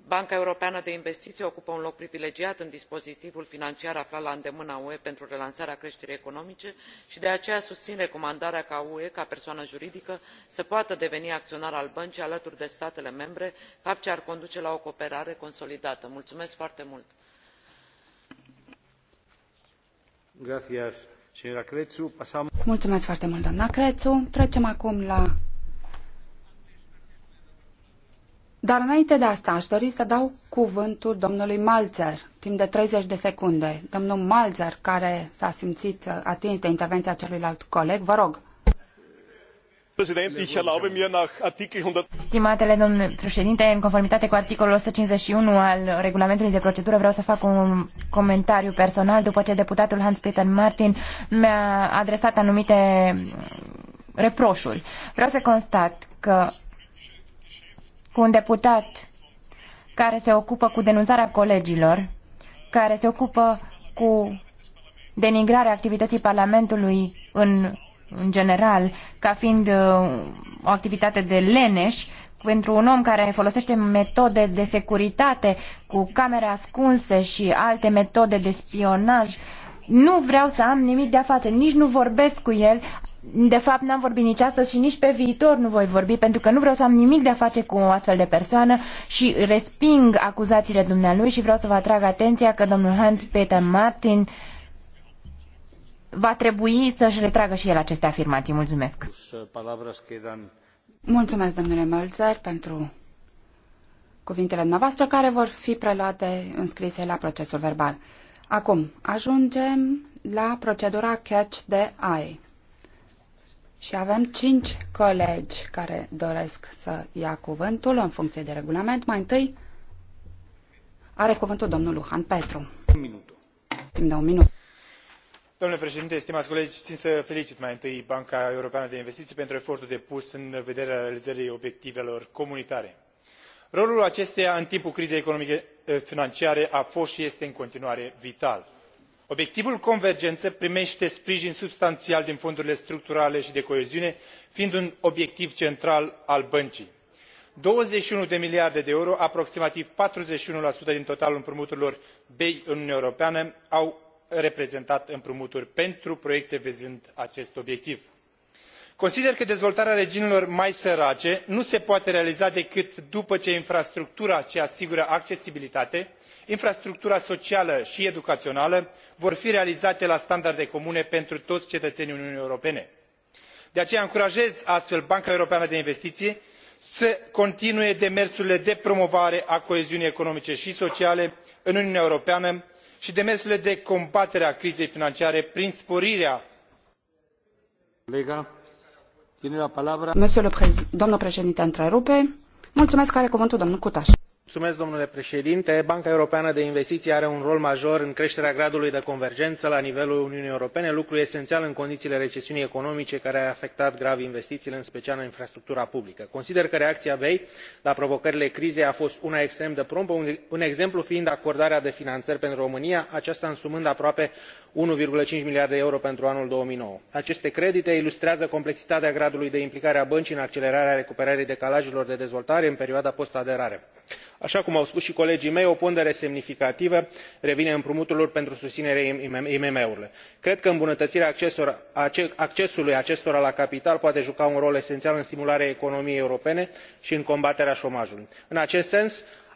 banca europeană de investiții ocupă un loc privilegiat în dispozitivul financiar aflat la îndemâna ue pentru relansarea creșterii economice și de aceea susțin recomandarea ca ue ca persoană juridică să poată deveni acționar al băncii alături de statele membre fapt ce ar conduce la o cooperare consolidată. mulțumesc foarte mult! Mulțumesc foarte mult, Crețu. acum la Dar înainte de asta aș dori să dau cuvântul domnului Malzer, timp de 30 de secunde. Domnul Malzer, care s-a simțit uh, atins de intervenția celuilalt coleg, vă rog. Stimatele domn președinte, în conformitate cu articolul 151 al regulamentului de procedură, vreau să fac un comentariu personal după ce deputatul Hans-Peter Martin mi-a adresat anumite reproșuri. Vreau să constat că cu un deputat care se ocupă cu denunțarea colegilor, care se ocupă cu denigrarea activității Parlamentului în, în general, ca fiind uh, o activitate de leneș, pentru un om care folosește metode de securitate cu camere ascunse și alte metode de spionaj, nu vreau să am nimic de a face, nici nu vorbesc cu el, de fapt, n-am vorbit nici astăzi și nici pe viitor nu voi vorbi, pentru că nu vreau să am nimic de a face cu o astfel de persoană și resping acuzațiile dumnealui și vreau să vă atrag atenția că domnul Hans-Peter Martin va trebui să-și retragă și el aceste afirmații. Mulțumesc! Mulțumesc, domnule Mölzer, pentru cuvintele noastre care vor fi preluate înscrise la procesul verbal. Acum, ajungem la procedura catch de eye. Și avem cinci colegi care doresc să ia cuvântul în funcție de regulament. Mai întâi are cuvântul domnul Luhan Petru. Un minut. Timp de un minut. Domnule președinte, stimați colegi, țin să felicit mai întâi Banca Europeană de Investiții pentru efortul depus în vederea realizării obiectivelor comunitare. Rolul acesteia în timpul crizei economice eh, financiare a fost și este în continuare vital obiectivul convergenă primete sprijin substanial din fondurile structurale i de coeziune fiind un obiectiv central al băncii douăzeci și unu de miliarde de euro aproximativ patruzeci și unu din totalul împrumuturilor bei în uniunea europeană au reprezentat împrumuturi pentru proiecte vizând acest obiectiv. consider că dezvoltarea regiunilor mai sărace nu se poate realiza decât după ce infrastructura ce asigură accesibilitate infrastructura socială i educaională vor fi realizate la standarde comune pentru toi cetăenii uniunii europene. de aceea încurajez astfel banca europeană de investiii să continue demersurile de promovare a coeziunii economice i sociale în uniunea europeană i demersurile de combatere a crizei financiare prin sporirea Domnul președinte întrerupe. Mulțumesc, are cuvântul domnul Cutaș banca europeană de investiții are un rol major în creșterea gradului de convergență la nivelul uniunii europene lucru esențial în condițiile recesiunii economice care a afectat grav investițiile în special în infrastructura publică. consider că reacția bei la provocările crizei a fost una extrem de promptă un exemplu fiind acordarea de finanțări pentru românia aceasta însumând aproape o sută de milioane de euro unu cinci miliarde de euro pentru anul. două mii nouă aceste credite ilustrează complexitatea gradului de implicare a băncii în accelerarea recuperării decalajelor de dezvoltare în perioada post aderare. aa cum au spus i colegii mei o pondere semnificativă revine împrumuturilor pentru susinerea imm urilor. cred că îmbunătăirea accesului acestora la capital poate juca un rol esenial în stimularea economiei europene i în combaterea omajului. în acest sens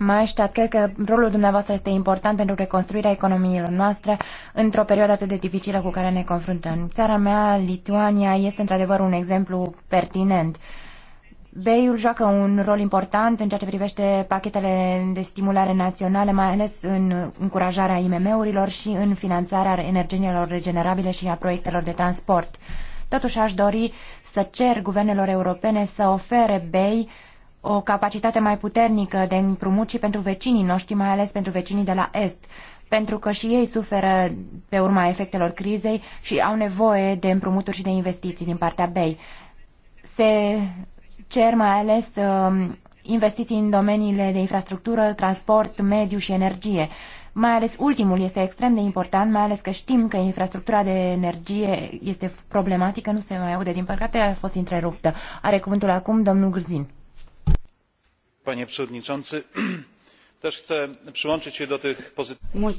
Maestat, cred că rolul dumneavoastră este important pentru reconstruirea economiilor noastre într-o perioadă atât de dificilă cu care ne confruntăm. Țara mea, Lituania, este într-adevăr un exemplu pertinent. BEI-ul joacă un rol important în ceea ce privește pachetele de stimulare naționale, mai ales în încurajarea IMM-urilor și în finanțarea energiilor regenerabile și a proiectelor de transport. Totuși aș dori să cer guvernelor europene să ofere BEI o capacitate mai puternică de împrumut și pentru vecinii noștri, mai ales pentru vecinii de la Est, pentru că și ei suferă pe urma efectelor crizei și au nevoie de împrumuturi și de investiții din partea BEI. Se cer mai ales um, investiții în domeniile de infrastructură, transport, mediu și energie. Mai ales ultimul este extrem de important, mai ales că știm că infrastructura de energie este problematică, nu se mai aude, din păcate a fost întreruptă. Are cuvântul acum domnul Grzin panie przewodniczący! też chcę przyłączyć się do tych pozytywnych.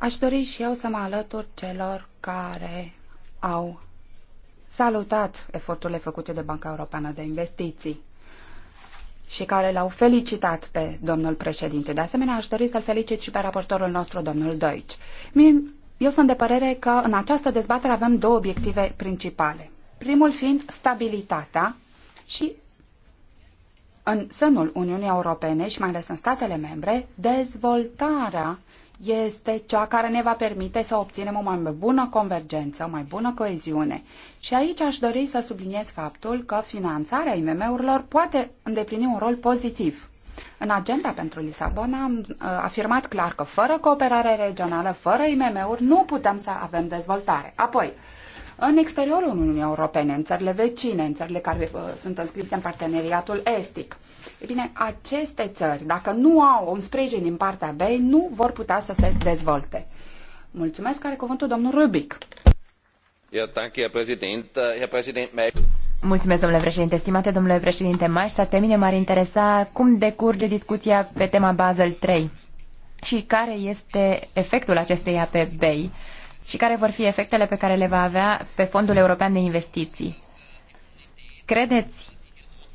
aș dori și eu să mă alătur celor care au salutat eforturile făcute de Banca Europeană de Investiții și care l-au felicitat pe domnul președinte. De asemenea, aș dori să-l felicit și pe raportorul nostru, domnul Deutsch. Eu sunt de părere că în această dezbatere avem două obiective principale. Primul fiind stabilitatea și în sânul Uniunii Europene și mai ales în statele membre, dezvoltarea este cea care ne va permite să obținem o mai bună convergență, o mai bună coeziune. Și aici aș dori să subliniez faptul că finanțarea IMM-urilor poate îndeplini un rol pozitiv. În agenda pentru Lisabona am uh, afirmat clar că fără cooperare regională, fără IMM-uri, nu putem să avem dezvoltare. Apoi, în exteriorul Uniunii Europene, în țările vecine, în țările care uh, sunt înscrise în parteneriatul estic. E bine, aceste țări, dacă nu au un sprijin din partea BEI, nu vor putea să se dezvolte. Mulțumesc, are cuvântul domnul Rubic. Äh, Mulțumesc, domnule președinte. Stimate domnule președinte Maștea, pe mine m-ar interesa cum decurge discuția pe tema Basel 3 și care este efectul acesteia pe BEI și care vor fi efectele pe care le va avea pe Fondul European de Investiții. Credeți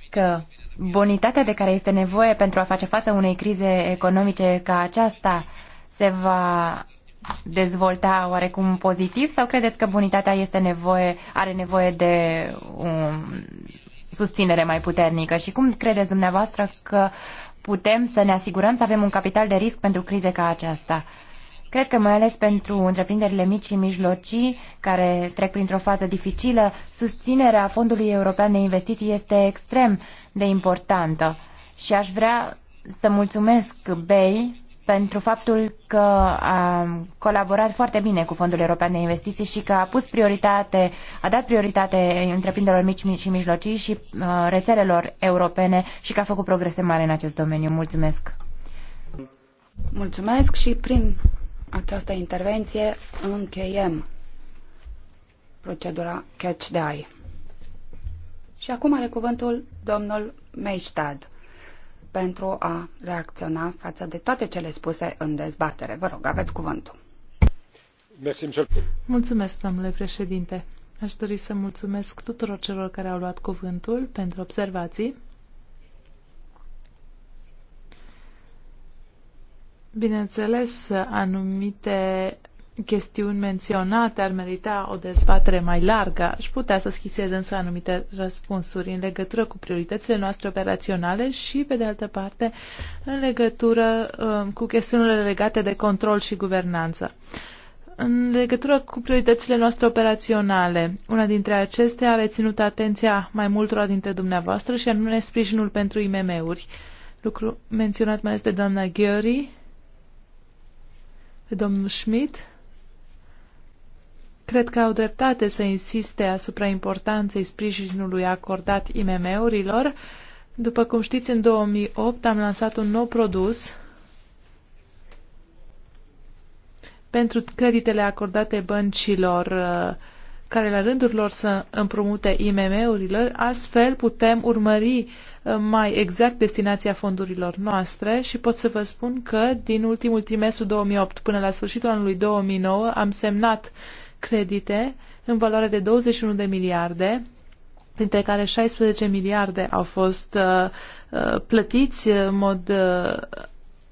că bonitatea de care este nevoie pentru a face față unei crize economice ca aceasta se va dezvolta oarecum pozitiv sau credeți că bonitatea este nevoie, are nevoie de um, susținere mai puternică și cum credeți dumneavoastră că putem să ne asigurăm să avem un capital de risc pentru crize ca aceasta? Cred că mai ales pentru întreprinderile mici și mijlocii, care trec printr-o fază dificilă, susținerea Fondului European de Investiții este extrem de importantă. Și aș vrea să mulțumesc BEI pentru faptul că a colaborat foarte bine cu Fondul European de Investiții și că a pus prioritate, a dat prioritate întreprinderilor mici și mijlocii și uh, rețelelor europene și că a făcut progrese mari în acest domeniu. Mulțumesc! Mulțumesc și prin această intervenție încheiem procedura catch the eye. Și acum are cuvântul domnul Meistad pentru a reacționa față de toate cele spuse în dezbatere. Vă rog, aveți cuvântul. Mulțumesc, domnule președinte. Aș dori să mulțumesc tuturor celor care au luat cuvântul pentru observații Bineînțeles, anumite chestiuni menționate ar merita o dezbatere mai largă. Aș putea să schițez însă anumite răspunsuri în legătură cu prioritățile noastre operaționale și, pe de altă parte, în legătură um, cu chestiunile legate de control și guvernanță. În legătură cu prioritățile noastre operaționale, una dintre acestea a reținut atenția mai multora dintre dumneavoastră și anume sprijinul pentru IMM-uri, lucru menționat mai ales de doamna Gheori, pe domnul Schmidt. Cred că au dreptate să insiste asupra importanței sprijinului acordat IMM-urilor. După cum știți, în 2008 am lansat un nou produs pentru creditele acordate băncilor uh, care la rândul lor să împrumute IMM-urilor. Astfel putem urmări mai exact destinația fondurilor noastre și pot să vă spun că din ultimul trimestru 2008 până la sfârșitul anului 2009 am semnat credite în valoare de 21 de miliarde, dintre care 16 miliarde au fost uh, uh, plătiți în mod uh,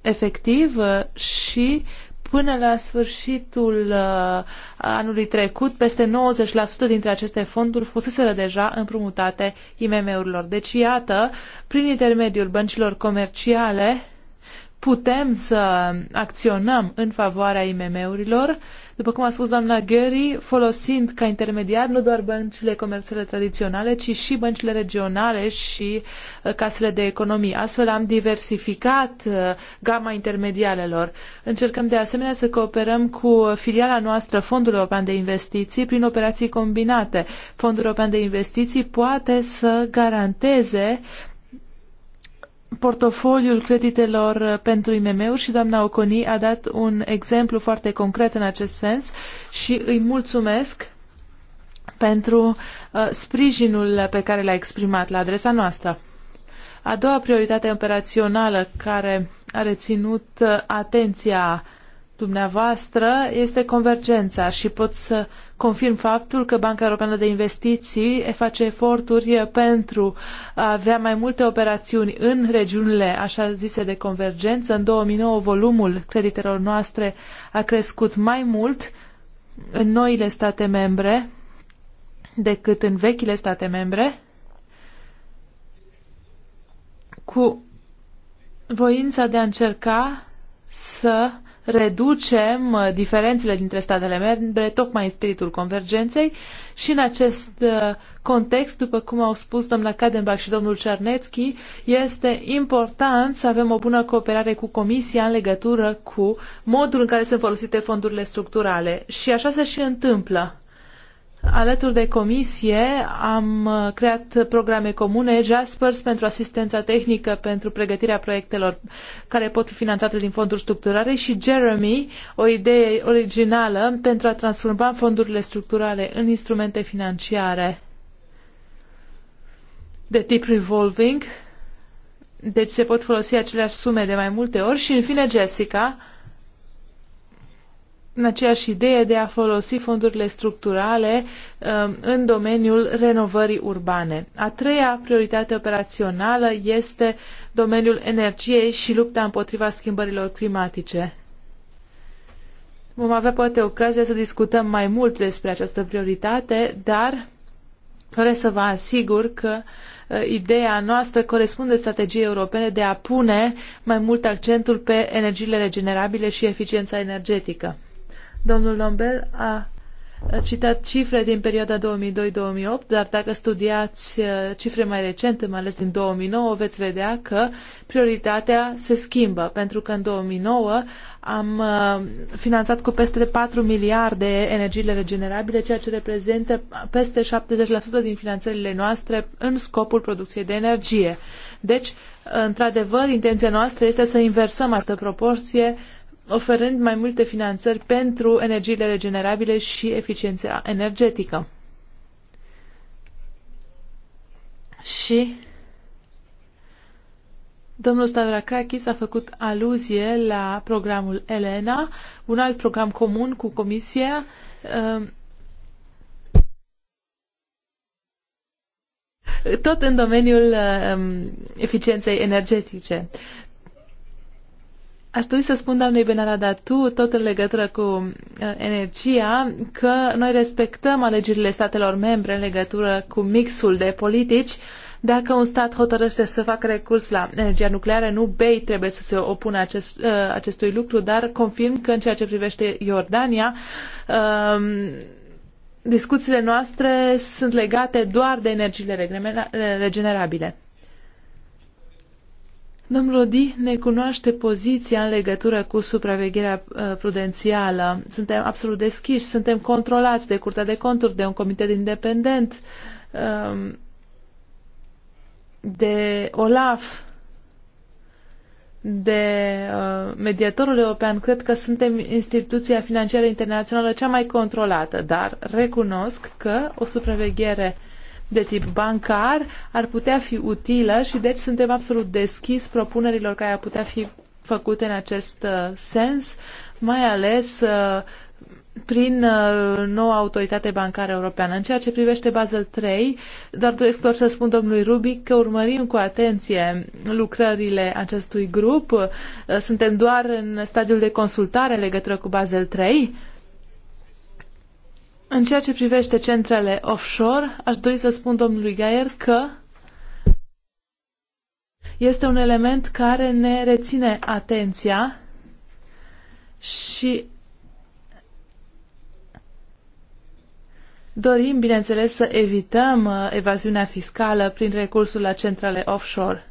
efectiv uh, și Până la sfârșitul uh, anului trecut, peste 90% dintre aceste fonduri fuseseră deja împrumutate IMM-urilor. Deci, iată, prin intermediul băncilor comerciale, putem să acționăm în favoarea IMM-urilor, după cum a spus doamna Gheri, folosind ca intermediar nu doar băncile comerciale tradiționale, ci și băncile regionale și uh, casele de economie. Astfel am diversificat uh, gama intermediarelor. Încercăm de asemenea să cooperăm cu filiala noastră Fondul European de Investiții prin operații combinate. Fondul European de Investiții poate să garanteze portofoliul creditelor pentru IMM-uri și doamna Oconi a dat un exemplu foarte concret în acest sens și îi mulțumesc pentru uh, sprijinul pe care l-a exprimat la adresa noastră. A doua prioritate operațională care a reținut uh, atenția dumneavoastră este convergența și pot să uh, confirm faptul că Banca Europeană de Investiții face eforturi pentru a avea mai multe operațiuni în regiunile așa zise de convergență. În 2009 volumul creditelor noastre a crescut mai mult în noile state membre decât în vechile state membre cu voința de a încerca să reducem uh, diferențele dintre statele membre, tocmai în spiritul convergenței și în acest uh, context, după cum au spus doamna Kadenbach și domnul Cernetski, este important să avem o bună cooperare cu Comisia în legătură cu modul în care sunt folosite fondurile structurale. Și așa se și întâmplă. Alături de comisie am uh, creat programe comune Jaspers pentru asistența tehnică pentru pregătirea proiectelor care pot fi finanțate din fonduri structurale și Jeremy, o idee originală pentru a transforma fondurile structurale în instrumente financiare de tip revolving, deci se pot folosi aceleași sume de mai multe ori și în fine Jessica, în aceeași idee de a folosi fondurile structurale um, în domeniul renovării urbane. A treia prioritate operațională este domeniul energiei și lupta împotriva schimbărilor climatice. Vom avea poate ocazia să discutăm mai mult despre această prioritate, dar doresc să vă asigur că uh, ideea noastră corespunde strategiei europene de a pune mai mult accentul pe energiile regenerabile și eficiența energetică. Domnul Lombel a citat cifre din perioada 2002-2008, dar dacă studiați uh, cifre mai recente, mai ales din 2009, veți vedea că prioritatea se schimbă, pentru că în 2009 am uh, finanțat cu peste 4 miliarde energiile regenerabile, ceea ce reprezintă peste 70% din finanțările noastre în scopul producției de energie. Deci, într-adevăr, intenția noastră este să inversăm această proporție oferând mai multe finanțări pentru energiile regenerabile și eficiența energetică. Și domnul Stavrakakis a făcut aluzie la programul Elena, un alt program comun cu Comisia um, tot în domeniul um, eficienței energetice. Aș dori să spun, doamnei Benarada, tu, tot în legătură cu uh, energia, că noi respectăm alegerile statelor membre în legătură cu mixul de politici. Dacă un stat hotărăște să facă recurs la energia nucleară, nu BEI trebuie să se opună acest, uh, acestui lucru, dar confirm că în ceea ce privește Iordania, uh, discuțiile noastre sunt legate doar de energiile regenerabile. Domnul Rodi ne cunoaște poziția în legătură cu supravegherea uh, prudențială. Suntem absolut deschiși, suntem controlați de Curtea de Conturi, de un comitet independent, um, de OLAF, de uh, mediatorul european. Cred că suntem instituția financiară internațională cea mai controlată, dar recunosc că o supraveghere de tip bancar ar putea fi utilă și deci suntem absolut deschis propunerilor care ar putea fi făcute în acest uh, sens, mai ales uh, prin uh, noua autoritate bancară europeană. În ceea ce privește Basel 3, dar doresc doar să spun domnului Rubic că urmărim cu atenție lucrările acestui grup. Suntem doar în stadiul de consultare legătură cu Basel 3 în ceea ce privește centrele offshore, aș dori să spun domnului Gaier că este un element care ne reține atenția și dorim, bineînțeles, să evităm uh, evaziunea fiscală prin recursul la centrale offshore.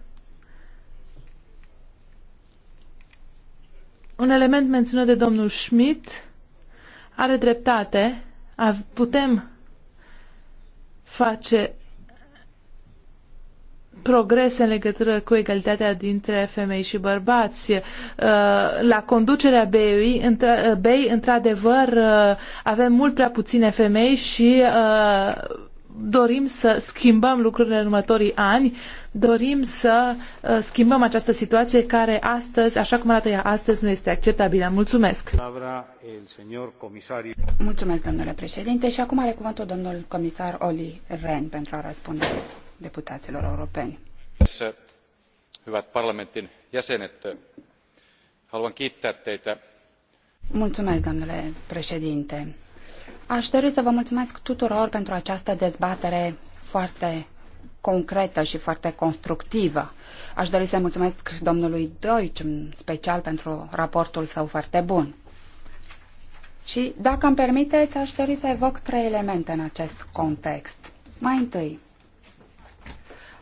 Un element menționat de domnul Schmidt are dreptate putem face progrese în legătură cu egalitatea dintre femei și bărbați. Uh, la conducerea BEI, uh, BEI într-adevăr, uh, avem mult prea puține femei și dorim să schimbăm lucrurile în următorii ani dorim să uh, schimbăm această situație care astăzi, așa cum arată ea astăzi, nu este acceptabilă. Mulțumesc! Mulțumesc, domnule președinte, și acum are cuvântul domnul comisar Oli Rehn pentru a răspunde deputaților europeni. Hyvät parlamentin jäsenet, haluan kiittää teitä. Mulțumesc, domnule președinte. Aș dori să vă mulțumesc tuturor pentru această dezbatere foarte concretă și foarte constructivă. Aș dori să mulțumesc domnului Deutsch în special pentru raportul său foarte bun. Și dacă îmi permiteți, aș dori să evoc trei elemente în acest context. Mai întâi,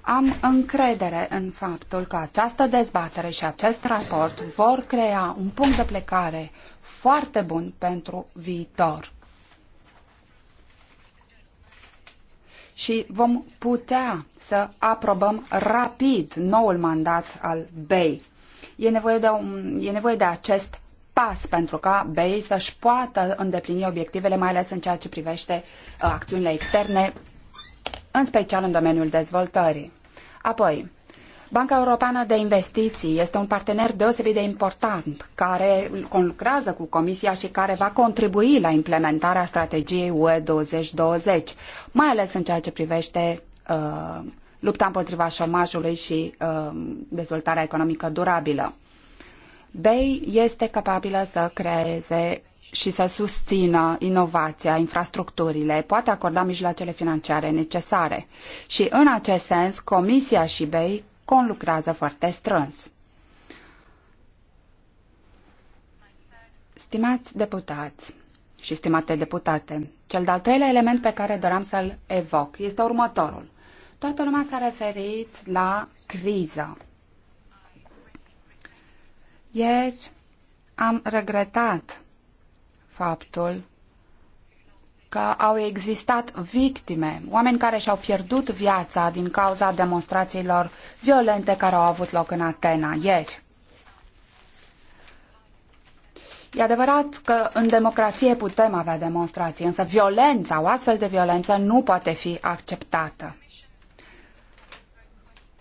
am încredere în faptul că această dezbatere și acest raport vor crea un punct de plecare foarte bun pentru viitor. și vom putea să aprobăm rapid noul mandat al BEI. E nevoie de, un, e nevoie de acest pas pentru ca BEI să-și poată îndeplini obiectivele, mai ales în ceea ce privește uh, acțiunile externe, în special în domeniul dezvoltării. Apoi, Banca Europeană de Investiții este un partener deosebit de important care lucrează cu Comisia și care va contribui la implementarea strategiei UE 2020, mai ales în ceea ce privește uh, lupta împotriva șomajului și uh, dezvoltarea economică durabilă. BEI este capabilă să creeze și să susțină inovația, infrastructurile, poate acorda mijloacele financiare necesare. Și în acest sens, Comisia și BEI conlucrează foarte strâns. Stimați deputați și stimate deputate, cel de-al treilea element pe care doream să-l evoc este următorul. Toată lumea s-a referit la criză. Ieri am regretat faptul că au existat victime, oameni care și-au pierdut viața din cauza demonstrațiilor violente care au avut loc în Atena ieri. E adevărat că în democrație putem avea demonstrații, însă violența, o astfel de violență, nu poate fi acceptată.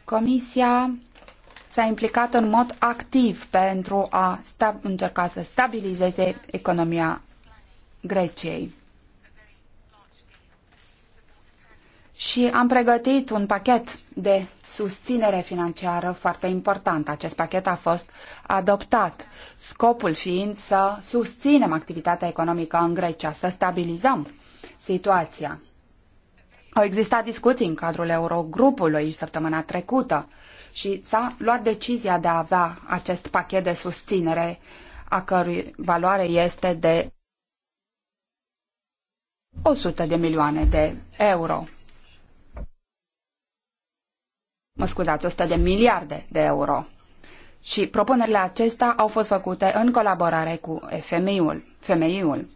Comisia s-a implicat în mod activ pentru a încerca să stabilizeze economia Greciei. și am pregătit un pachet de susținere financiară foarte important. Acest pachet a fost adoptat, scopul fiind să susținem activitatea economică în Grecia, să stabilizăm situația. Au existat discuții în cadrul Eurogrupului săptămâna trecută și s-a luat decizia de a avea acest pachet de susținere a cărui valoare este de 100 de milioane de euro mă scuzați, 100 de miliarde de euro. Și propunerile acestea au fost făcute în colaborare cu FMI-ul. FMI-ul.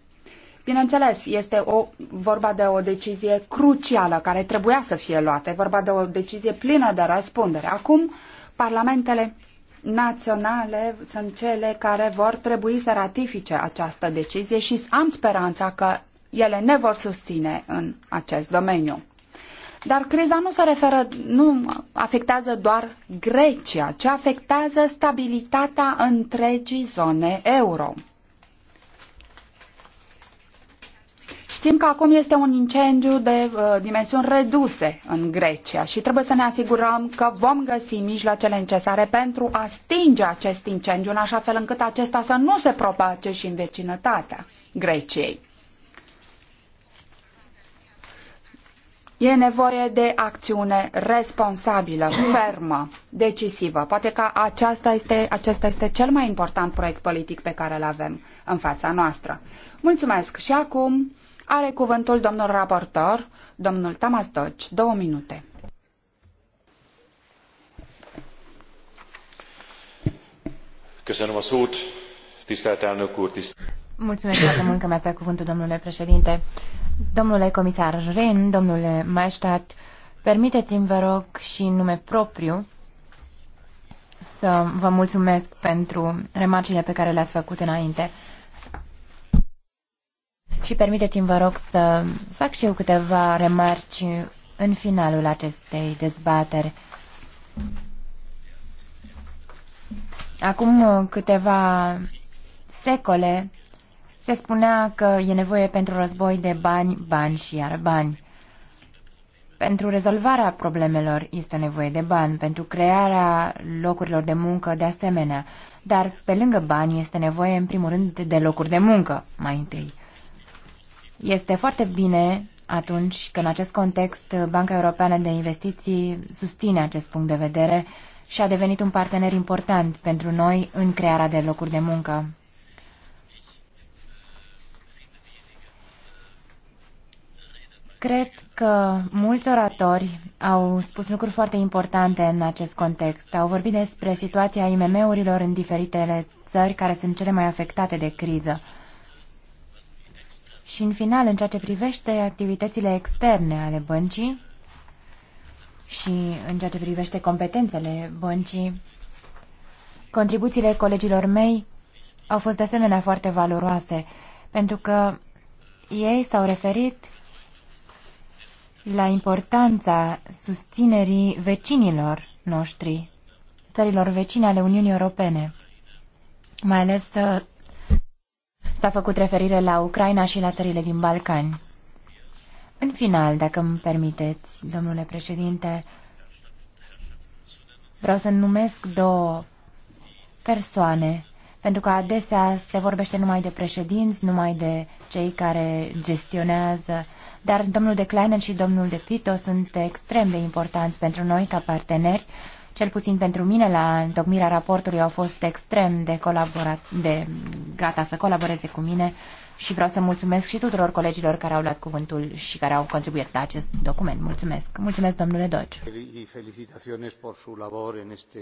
Bineînțeles, este o, vorba de o decizie crucială care trebuia să fie luată, vorba de o decizie plină de răspundere. Acum, parlamentele naționale sunt cele care vor trebui să ratifice această decizie și am speranța că ele ne vor susține în acest domeniu. Dar criza nu se referă, nu afectează doar Grecia, ci afectează stabilitatea întregii zone euro. Știm că acum este un incendiu de uh, dimensiuni reduse în Grecia și trebuie să ne asigurăm că vom găsi mijloacele necesare pentru a stinge acest incendiu în așa fel încât acesta să nu se propage și în vecinătatea Greciei. E nevoie de acțiune responsabilă, fermă, decisivă. Poate că aceasta este, acesta este cel mai important proiect politic pe care îl avem în fața noastră. Mulțumesc și acum are cuvântul domnul raportor, domnul Tamas Doci, două minute. Köszönöm a szót, tisztelt elnök úr, tisztelt... Mulțumesc foarte mult că mi-ați dat cuvântul, domnule președinte. Domnule comisar Ren, domnule Maestat, permiteți-mi, vă rog, și în nume propriu să vă mulțumesc pentru remarcile pe care le-ați făcut înainte. Și permiteți-mi, vă rog, să fac și eu câteva remarci în finalul acestei dezbateri. Acum câteva secole, se spunea că e nevoie pentru război de bani, bani și iar bani. Pentru rezolvarea problemelor este nevoie de bani, pentru crearea locurilor de muncă de asemenea, dar pe lângă bani este nevoie în primul rând de locuri de muncă mai întâi. Este foarte bine atunci că în acest context Banca Europeană de Investiții susține acest punct de vedere și a devenit un partener important pentru noi în crearea de locuri de muncă. Cred că mulți oratori au spus lucruri foarte importante în acest context. Au vorbit despre situația IMM-urilor în diferitele țări care sunt cele mai afectate de criză. Și în final, în ceea ce privește activitățile externe ale băncii și în ceea ce privește competențele băncii, contribuțiile colegilor mei au fost de asemenea foarte valoroase, pentru că ei s-au referit la importanța susținerii vecinilor noștri, țărilor vecine ale Uniunii Europene. Mai ales uh, s-a făcut referire la Ucraina și la țările din Balcani. În final, dacă îmi permiteți, domnule președinte, vreau să numesc două persoane pentru că adesea se vorbește numai de președinți, numai de cei care gestionează, dar domnul de Kleiner și domnul de Pito sunt extrem de importanți pentru noi ca parteneri, cel puțin pentru mine la întocmirea raportului au fost extrem de, colaborat, de gata să colaboreze cu mine și vreau să mulțumesc și tuturor colegilor care au luat cuvântul și care au contribuit la acest document. Mulțumesc. Mulțumesc, domnule Doci. Felicitaciones por su labor en este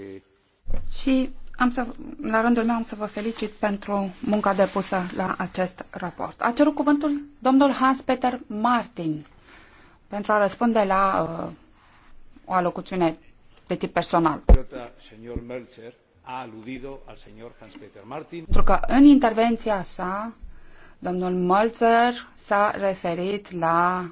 și am să, la rândul meu am să vă felicit pentru munca depusă la acest raport. A cerut cuvântul domnul Hans-Peter Martin pentru a răspunde la uh, o alocuțiune de tip personal. Pentru că în intervenția sa, domnul Mölzer s-a referit la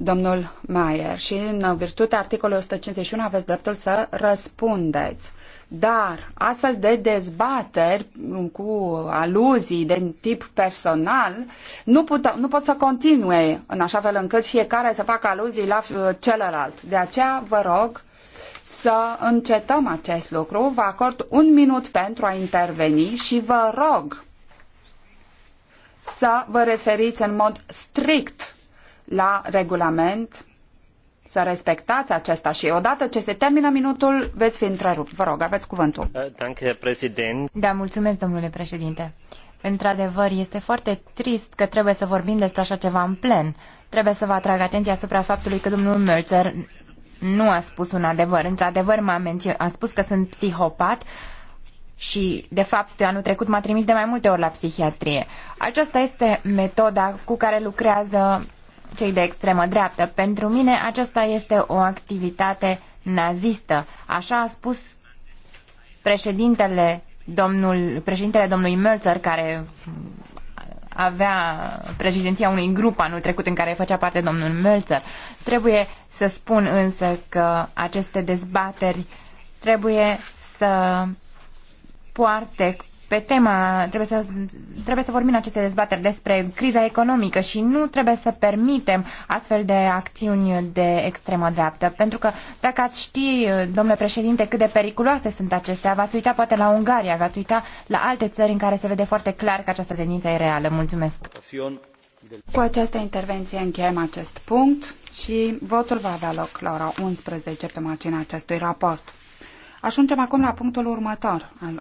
domnul Mayer, și în virtutea articolului 151 aveți dreptul să răspundeți. Dar astfel de dezbateri cu aluzii de tip personal nu, pute, nu pot să continue în așa fel încât fiecare să facă aluzii la uh, celălalt. De aceea vă rog să încetăm acest lucru. Vă acord un minut pentru a interveni și vă rog să vă referiți în mod strict la regulament să respectați acesta și odată ce se termină minutul veți fi întrerupt. Vă rog, aveți cuvântul. Uh, da, mulțumesc, domnule președinte. Într-adevăr, este foarte trist că trebuie să vorbim despre așa ceva în plen. Trebuie să vă atrag atenția asupra faptului că domnul Mölzer nu a spus un adevăr. Într-adevăr, m-a, a spus că sunt psihopat, și, de fapt, anul trecut m-a trimis de mai multe ori la psihiatrie. Aceasta este metoda cu care lucrează cei de extremă dreaptă. Pentru mine aceasta este o activitate nazistă. Așa a spus președintele, domnul, președintele domnului Mölzer, care avea președinția unui grup anul trecut în care făcea parte domnul Mölzer. Trebuie să spun însă că aceste dezbateri trebuie să poarte pe tema, trebuie să, trebuie să vorbim în aceste dezbateri despre criza economică și nu trebuie să permitem astfel de acțiuni de extremă dreaptă. Pentru că dacă ați ști, domnule președinte, cât de periculoase sunt acestea, v-ați uita poate la Ungaria, v-ați uita la alte țări în care se vede foarte clar că această tendință e reală. Mulțumesc! Cu această intervenție încheiem acest punct și votul va avea loc la ora 11 pe marginea acestui raport. Ajungem acum la punctul următor al